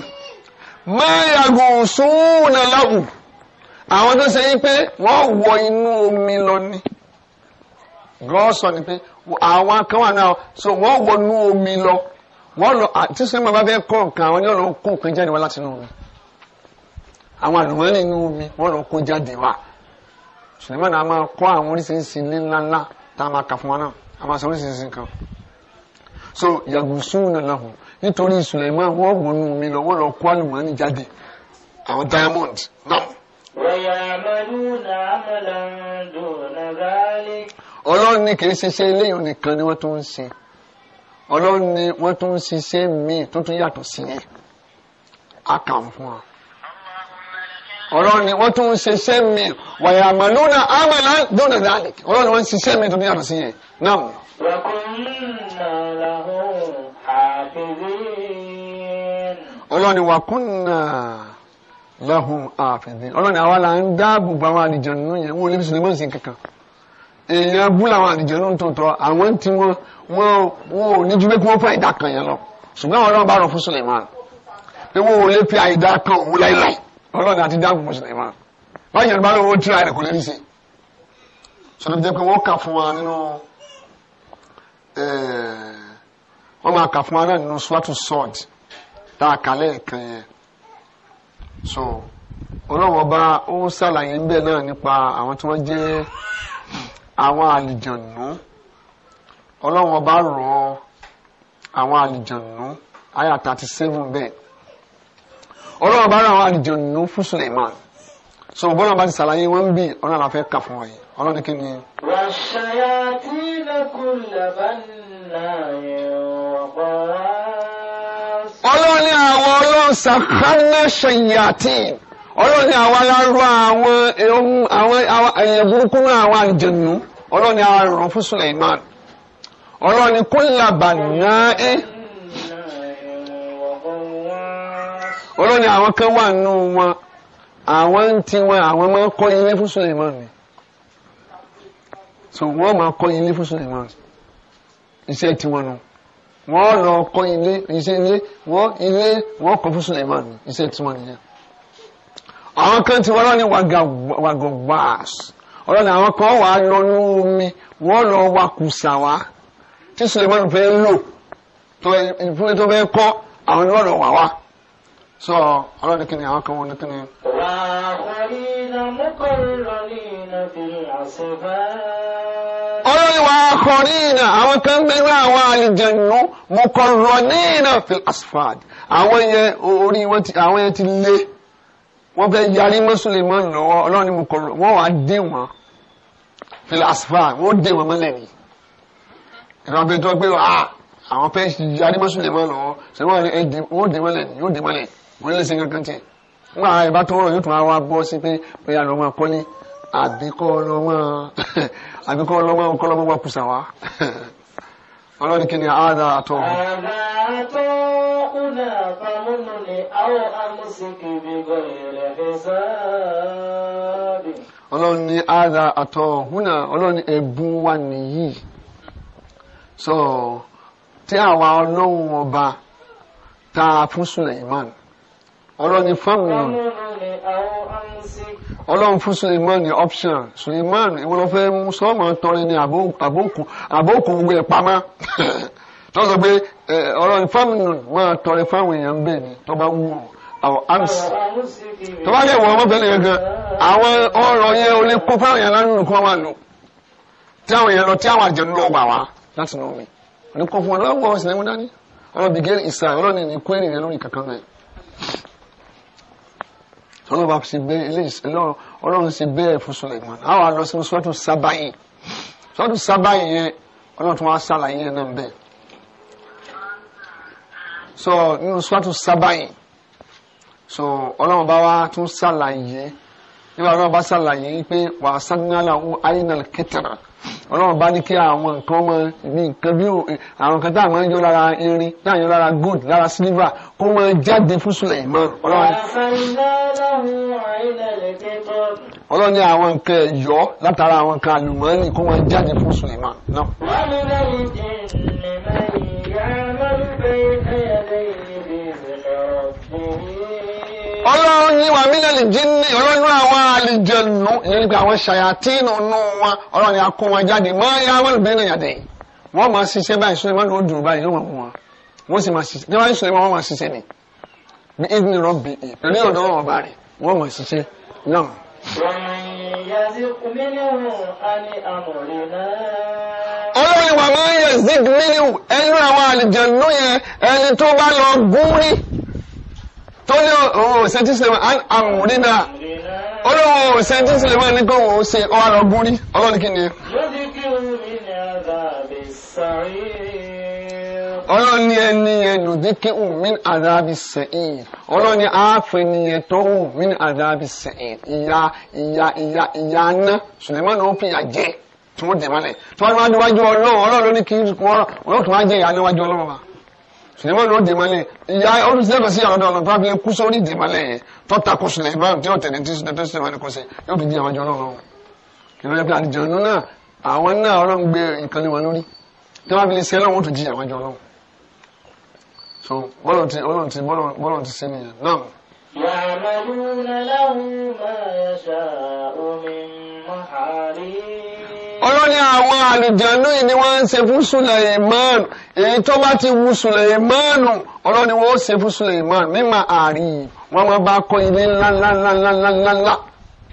Speaker 2: máa yàgò sóhùn aláwù àwọn tó ṣe yí pé wọ́n wọ inú omi lọ ní God sọ ni pé àwọn kan náà so wọ́n wọ inú omi lọ wọ́n lọ àti sinimá bá fẹ́ kọ́ nǹkan àwọn yóò lọ kó nǹkan jáde wá láti inú omi àwọn àlùmọ́ọ́nì inú omi wọ́n lọ kó jáde wá sinimá náà máa kọ́ àwọn oríṣiríṣi ńláńlá tá a máa kà fún wa náà a máa sọ oríṣiríṣi nǹkan so yàgò sóhùn aláwù nítorí Suleiman wọ́n wọnú mi lọ lọ kó àlùmọ́ọ́nì jáde àwọn diamond náà. ọlọ́run ní kì ṣiṣẹ́ eléyìí nìkan ni wọ́n tún ń ṣe ọlọ́run ni wọ́n tún ń ṣiṣẹ́ míì tó tún yàtọ̀ sí yẹn á kà ń fún wa ọlọ́run ni wọ́n tún ń ṣiṣẹ́ míì wàyà àmàlúnà àmàlà dúnà dáàlì ọlọ́run ni wọ́n ń ṣiṣẹ́ míì tó tún yàtọ̀ sí yẹn náà.
Speaker 1: wàkùnrin
Speaker 2: ọlọ́ni wà kúnnà lahum àfẹ́dín ọlọ́ni àwa là ń dáàbò bá àwọn àlìjànnú yẹn wọn ò lè fi sùnlẹ̀ mọ́sìn kankan èèyàn bú làwọn àlìjànnú ń tòótọ́ àwọn tí wọn wọn ò ní ju pé kí wọ́n fún àìdá kan yẹn lọ ṣùgbọ́n àwọn ọlọ́run bá rọ fún Suleiman pé wọn ò lè fi àìdá kan òun láíláí ọlọ́ni àti dáàbò fún Suleiman wọ́n yẹn bá lọ́wọ́ tíra rẹ̀ kò lè rí sí sọ̀rọ̀ bí jẹ́ pé wọ́n máa kà fún wa náà nínú swatu sword tá a yẹn so ọlọ́wọ́n bá ó ṣàlàyé ń bẹ̀ náà nípa àwọn tí wọ́n jẹ́ àwọn àlìjànú ọlọ́wọ́n bá rọ àwọn àlìjànú àyà thirty seven bẹ́ẹ̀
Speaker 1: ọlọ́wọ́n bá rọ àwọn
Speaker 2: àlìjànú fún Suleiman so bọ́lá bá ti ṣàlàyé wọ́n ń bì ọ̀nà kà fún wọ̀nyí ọlọ́ni kí ni.
Speaker 1: wàṣàyà tí lẹ́kùn làbá nà
Speaker 2: ọlọ́run ní àwọn ọlọ́run sàkánná ṣèyàtì ọlọ́run ní àwọn alárò àwọn ehun àwọn ẹ̀yẹ burúkú náà àwọn àjẹnú ọlọ́run ní àwọn àrùn fún Suleiman ọlọ́run ní kó làbà náà ọlọ́run ní àwọn kan wà nù wọn àwọn ń tiwọn àwọn máa kọ́ ilé fún Suleiman ni so wọ́n máa kọ́ ilé fún Suleiman iṣẹ́ tiwọn náà. wọ́n lọ kọ́ ilé iṣẹ́ ilé wọ́n ilé wọ́n kọ́ fún Suleiman iṣẹ́ tiwọn nìyẹn. àwọn kan ti wọ́n lọ ní wàgọ̀gbàs ọlọ́ni àwọn kan wà lọ́nú omi wọ́n lọ wa kùsà wá tí Suleiman fẹ́ lò ìfúnni tó fẹ́ kọ́ àwọn ni wọ́n lọ wà wá. sọ ọlọ́ni kìnìún àwọn kan wọ́n ní kìnìún.
Speaker 1: wàá wọlé ọ̀rọ̀ ìwà akọ̀rìnà àwọn kan gbẹ́gbẹ́ àwọn
Speaker 2: àlìjẹ̀nù mọ̀kọ̀rọ̀nìnà fil asfad àwọn yẹn orí wọn ti àwọn yẹn ti lé wọn fẹ́ yarí mùsùlùmí lọ́wọ́ ọlọ́run ni mọ̀kọ̀rọ̀ wọn wàá dé wọn fil asfad wọn dé wọn mọ́lẹ̀ ni ìran bí tó gbé wọn a ah, àwọn fẹ́ yarí mùsùlùmí lọ́wọ́ ṣé wọn dé mọ́lẹ̀ ni yóò dé mọ́lẹ̀ wọn lè ṣe kankan tiẹ̀ ńgbà ìbá tó rọ̀ yóò tún wá bọ́ sí pé bóyá lọ́mọ pọ́lí àbíkọ́ àbíkọ́ lọ́mọ kọ́ lọ́mọ wà kùsà wá. ọlọ́ni kí ni àádá àtọ́. àádá
Speaker 1: àtọ́ kúnà pàmùnú ni àwọn amúsìkì bí gọ̀ọ̀rẹ̀ fi sáábì.
Speaker 2: ọlọ́run ní àádá àtọ́ húnà ọlọ́run ẹ̀bùn wa nìyí sọ tí àwa ọlọ́run ọba tá a fún Suleiman ọlọ́run ni fáwọn èèyàn ọlọ́run fún suleiman ní option suleiman ìwọ ló fẹ́ mú sọ́ọ̀mù tọrin ní àbókù àbókù gbogbo ẹ̀ pamọ́ tó sọ pé ọlọ́run fáwọn èèyàn máa tọrin fáwọn èèyàn bẹ́ẹ̀ ni tó bá wù ọ́ àwọn arms
Speaker 1: tó bá yẹ wọ ọmọbìnrin yẹn gan
Speaker 2: àwọn ọ̀rọ̀ yẹn ò lè kó fáwọn èèyàn lánàá nìkan wà lò tí àwọn èèyàn lọ tí àwọn àjẹnú lọ gbà wá láti nù mí ò ní kó fún ọ lọ́wọ́ ọ̀sìn ẹ̀wọ̀n dání ọlọ́bìgẹ́ ọlọ́run bá ṣe bẹ́ẹ̀ eléyìí ọlọ́run ṣe bẹ́ẹ̀ fún Suleiman àwọn àlọ́ sí sọ́tún sábàyì sọ́tún sábàyì yẹn ọlọ́run tó wá ṣàlàyé yẹn náà bẹ́ẹ̀ so nínú sọ́tún sábàyì so ọlọ́run bá wá tún ṣàlàyé nígbà ọlọ́run bá ṣàlàyé pé wàá sàdúnyàlà ọ̀hún ayélujára kẹtàrà ọlọ́run bá ní kí àwọn nǹkan ọmọ ní nǹkan bí àwọn nǹkan tá à máa ń yọ lára irin tá à ń yọ lára gold lára silver kó máa jáde fún Sulaiman ọlọ́run. ọlọ́run ní àwọn nǹkan ẹ̀yọ́ látara àwọn nǹkan àlùmọ́ọ́nì kó máa jáde fún Sulaiman náà. ومن ọlọ́run ní wà mílíọ̀nù jínní ọlọ́run àwọn àlìjẹ̀nu ìyẹn nípa àwọn ṣàyàtínù nù wọn ọlọ́run ni a kó wọn jáde mọ́ ya wọn lù bẹ́ẹ̀ yàdẹ̀ wọ́n máa ṣiṣẹ́ báyìí Sulemanu ó dùn báyìí yóò máa mú wọn wọ́n sì máa ṣiṣẹ́ ní wọ́n Sulemanu wọ́n máa ṣiṣẹ́ ni bí ìdí rọ bí i pẹ̀lú ọ̀dọ́ wọn bá rẹ̀ wọ́n máa ṣiṣẹ́ náà. ọlọ́run wà máa ń yẹ zig ẹnu àwọn àlìjẹ̀nu yẹn ẹni tó bá lọ gún rí tó ní òun ò ṣe tí Suleman amúrínà olóhùn ò ṣe tí Suleman ní kóhùn ó ṣe ọwọ́ lọ gúrí ọlọ́ni kí ni. ọlọ́run ẹni yẹn lùdíkì min àdábì sẹ́yìn ọlọ́run ní tó wù min sẹ́yìn ìyá ìyá ìyá ìyá ná Suleman ló ń fìyà jẹ tí dẹ̀ mọ́lẹ̀ tí wọ́n ti wá níwájú ọlọ́run ọlọ́run ló ní kí wọ́n tún wá jẹ ìyá níwájú ọlọ́run wa. Sulemani ó dìímọ́lẹ̀ ìyá olùsílẹ̀kọ̀ sí àwọn ọ̀nà tó wá fi lè kú sórí ìdìímọ́lẹ̀ yẹn tó takò Sulemani tí ó tẹ̀lé tí ó Sulemani kò ṣe yóò fi jí àwọn àjọ ọlọ́run kìlọ̀ yẹ pé àdìjọ́nù náà àwọn náà ọlọ́run gbé ìkànnì wọn lórí tí wọ́n fi lè ṣe ọlọ́run tún jí àwọn àjọ ọlọ́run so bọ́lọ̀ ti ọlọ́run ti bọ́lọ̀ ti sí nìyẹn náà.
Speaker 1: يعملون له ما يشاء من محاريب ọlọ́ni àwọn àlùjànnú yìí ni wọ́n
Speaker 2: ń ṣe fún Suleiman èyí tó bá ti wu Suleiman ọlọ́ni wọ́n ó ṣe fún Suleiman mímọ ààrí wọn máa bá kọ́ ilé ńláńláńláńláńlá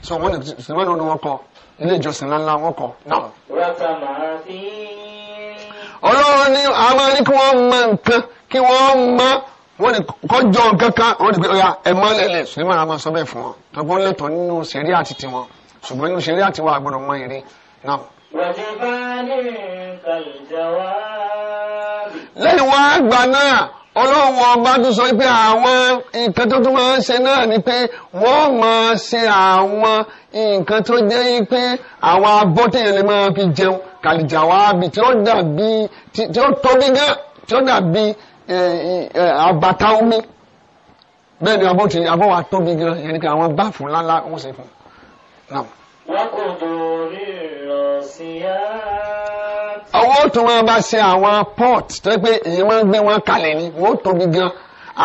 Speaker 2: sọ wọn ni Suleiman ni wọn kọ́ ilé ìjọsìn ńláńlá wọn kọ́ náà. ọlọ́run ni a máa ní kí wọ́n mọ nǹkan kí wọ́n mọ wọ́n ní kọjọ́ nǹkan kan wọ́n ní pé ọ̀ya ẹ̀ mọ́ lẹ́lẹ̀ Suleiman a máa sọ bẹ́ẹ̀ fún wọn tọ́gbọ́n lẹ́tọ̀ọ́ nínú sẹ̀ríà àti tiwọn ṣùgbọ́n nínú sẹ̀ríà àti wọn àgbọ̀dọ̀ mọ èrè náà
Speaker 1: lẹ́yìn
Speaker 2: wá àgbà náà ọlọ́run ọba tún sọ pé àwọn nǹkan tó tún máa ń ṣe náà ni pé wọ́n máa ṣe àwọn nǹkan tó jẹ́ pé àwọn abọ́tẹ̀yìn lè máa fi jẹun kàlìjà wá bí tí ó dàbí tí ó tóbi gan tí ó dàbí àbàtà omi bẹ́ẹ̀ ni abọ́tẹ̀yìn abọ́ wa tóbi gan yẹn ni pé àwọn báàfù ńláńlá wọ́n ṣe fún un.
Speaker 1: wọ́n kò dòrí rẹ̀
Speaker 2: ọwọ́ tó wọn bá ṣe àwọn pot tó pé èyí máa ń gbé wọn kalẹ̀ ni wọ́n tóbi gan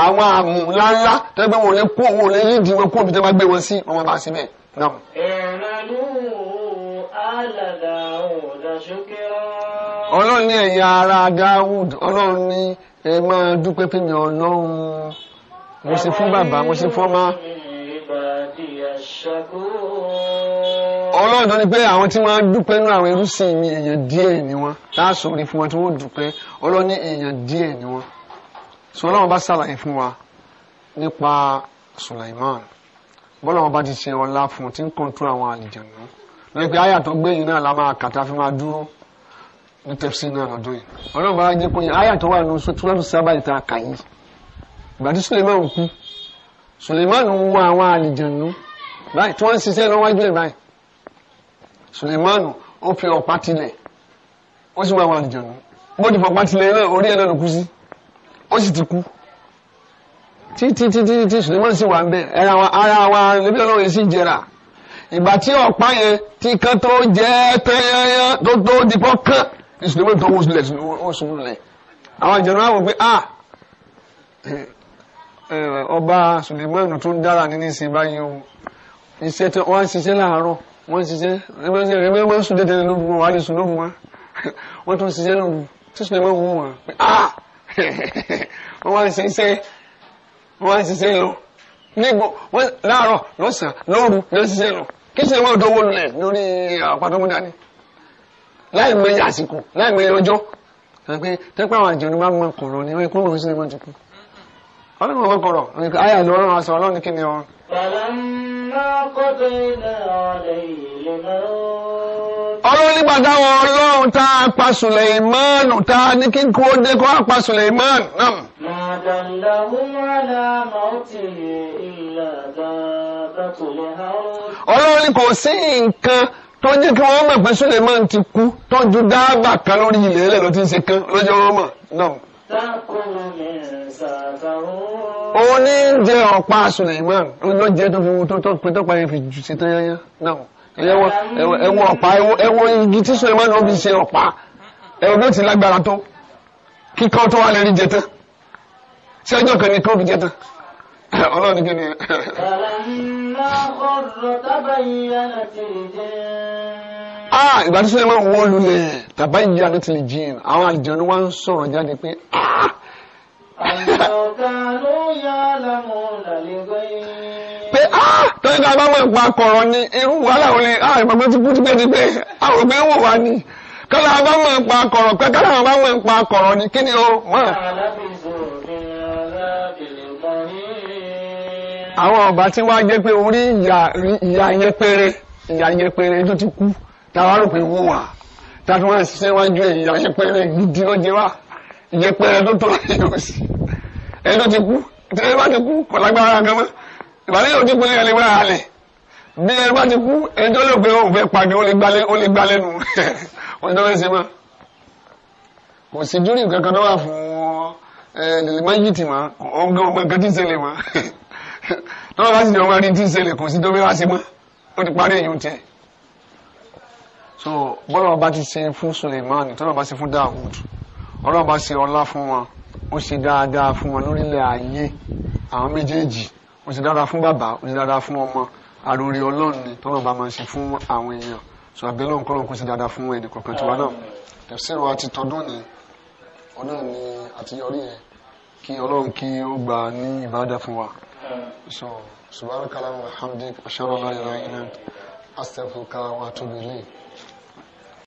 Speaker 2: àwọn àmù ńláńlá tó pé wọn lè kó wọn lè ní ìdíwọ́ kó omi tó máa gbé wọn sí wọn bá ṣe bẹ́ẹ̀ ọlọ́run ní ẹ̀yà ara Dáwùd ọlọ́run ní ẹ máa dúpẹ́ pé mi ọlọ́run mo ṣe fún bàbá mo ṣe fún ọmọ ọlọ́run tó ní pé àwọn tí wọ́n dúpẹ́ nínú àwọn irúsìn mi èèyàn díẹ̀ ni wọ́n tá a sọ̀rọ̀ fún wọn tí wọ́n dúpẹ́ ọlọ́run ní èèyàn díẹ̀ ni wọ́n sọ ọlọ́run bá ṣàlàyé fún wa nípa Sulaiman bọ́lá wọn bá ti ṣe ọlá fún un tí ń kọ́ńtú àwọn àlìjànú lórí pé àyà tó gbẹ̀yìn náà la máa kàtà fi máa dúró ní tẹ̀sí náà lọ́dún yìí ọlọ́run bá jẹ́ pé àyà tó wà nínú túlọ́dún sábà ìta kàyí ìgbà tí Sulaiman kú Sulaiman wọ àwọn àlìjànú báyìí tí wọ́n ń ṣiṣẹ́ lọ́wọ́ ẹgbẹ́ báyìí Suleimanu ó fi ọ̀pá tilẹ̀ ó sì máa wà àlùjọ̀nù bó ti fọ̀pá tilẹ̀ náà orí ẹ̀ náà ló kú sí ó sì ti kú títí títí títí Suleimanu sì wà ń bẹ ara wa ara wa níbi ọlọ́run yìí sì jẹrà ìgbà tí ọ̀pá yẹn ti kán tó jẹ́ tẹ́yẹ́yẹ́ tó tó dipọ́ kán ní Suleimanu tó wọ́n sílẹ̀ wọ́n sùn lẹ̀ àwọn ìjọba wà wọ́n pé ah ọba Suleimanu tó ń dára nínú ìsìn báyìí o iṣẹ́ tí wọ́n ń ṣiṣẹ́ láàárọ̀ wọ́n ṣiṣẹ́ ẹgbẹ́ máa ń sùn dédé lóru wọn wàá lè sùn lóru wọn wọ́n tún ṣiṣẹ́ lóru sísun ẹgbẹ́ wọn wọn pé ah wọ́n wá ń ṣiṣẹ́ wọ́n wá ń ṣiṣẹ́ lọ nígbò wọ́n láàárọ̀ lọ́sàn-án lóru lọ́ ṣiṣẹ́ lọ kí ṣe wọ́n dọ́wọ́ lẹ̀ lórí àpàtọ́mọ́dá ni
Speaker 1: láì mọ iye àsìkò láì mọ iye
Speaker 2: ọjọ́ pé tẹ́pẹ́ àwọn àjẹ̀nu máa ń mọ kọ̀rọ̀ ni wọ́n kúrò sí ni wọ́n ti kú ọlọ́run ọkọ̀rọ̀ àyà lọ́rọ̀ aṣọ ọlọ́run kí ni ọ̀run
Speaker 1: ọlọ́run nígbà táwọn ọlọ́run tá a
Speaker 2: pa Sùlẹ̀mánù tá a ní kí kú ó dé kó a pa Sùlẹ̀mánù náà. ọlọ́run kò sí nǹkan tó jẹ́ kí wọ́n mọ̀ pé Sùlẹ̀mánù ti kú tọ́jú dáàbà kan lórí ilẹ̀ ẹlẹ́ ló ti ń ṣe kán lọ́jọ́ wọn mọ̀ náà òun ní jẹ ọ̀pá Suleiman ló jẹ tó fi tó tó pin tó parí fi jù sí tẹ́yẹ́yẹ́ náà ẹ̀wọ̀n ọ̀pá ẹ̀wọ̀n igi tí Suleiman ló fi ṣe ọ̀pá ẹ̀wọ̀n ló ti lágbára tó kíkọ́ tó wà lẹ́rí jẹ tán sí ọjọ́ kan ní kó fi jẹ tán ọlọ́run ní kí ni.
Speaker 1: kàlámà ọ̀rọ̀ tábàyí yára ti jẹ́
Speaker 2: ah ìgbà tí sinimá wọ́n lulẹ̀ tàbá ìyá ló ti lè jìn àwọn àjọyọ̀ wa ń sọ̀rọ̀ jáde pé ah. pé ah tọ́jú ká bá wọ̀ ìpa kọ̀rọ̀ ni irú wàhálà wọn lè ah ìgbàgbọ́ ti kú tipẹ́tipẹ́ àwọn òbí wọ̀ wá ni kọ́lá bá wọ̀ ìpa kọ̀rọ̀ pé kọ́lá bá wọ̀ ìpa kọ̀rọ̀ ni kí ni o mọ̀. àwọn ọba tí wàá jẹ́ pé orí ìyá yẹn péré ìyá yẹn péré tó ti kú táwa rò pé wọ́n wà táwa wá síwájú ẹ̀yà yẹpẹrẹ gidi ló jẹ wá yẹpẹrẹ tó tọ́ ẹ̀yọ sí ẹ̀ tó ti kú tẹ́lẹ̀ bá ti kú kò lágbára kan mọ́ ìbálẹ̀ yóò ti kú ní ẹ̀lẹ́ wá halẹ̀ bí ẹ bá ti kú ẹjọ́ lè pé òun fẹ́ pàdé ó lè gbá lẹ́nu òun tó fẹ́ ṣe mọ́ kò sí júrì kankan tó wà fún ẹ̀ẹ́dẹ̀lẹ̀ má yìí tì mọ́ ọgbọ́n ọgbọ́n kan tí ń ṣẹlẹ̀ mọ́ tọ́lá bá sì jẹ́ ọmọ rí tí ń ṣẹlẹ̀ kò sí tó fẹ́ wá ṣe mọ́ ó ti parí èyí ń so bọ́lá ọba ti ṣe fún Suleiman tọ́lá ọba ṣe fún Dawud ọlọ́run ọba ṣe ọlá fún wọn ó ṣe dáadáa fún wọn lórílẹ̀ ayé àwọn méjèèjì ó ṣe dáadáa fún bàbá ó ṣe dáadáa fún ọmọ àròrí ọlọ́run ni tọ́lá ọba máa ṣe fún àwọn èèyàn so àbẹ̀lẹ̀ ọ̀nkọ́lọ́n kó ṣe dáadáa fún ẹnì kọ̀ọ̀kan tiwa náà tẹ̀sí wa ti tọdún ni ọ̀nà ni àtiyọrí yẹn kí ọlọ́run kí ó gbà ní ìbádà fún wa so subhanaka allahumma wa hamdik wa atubu ilayk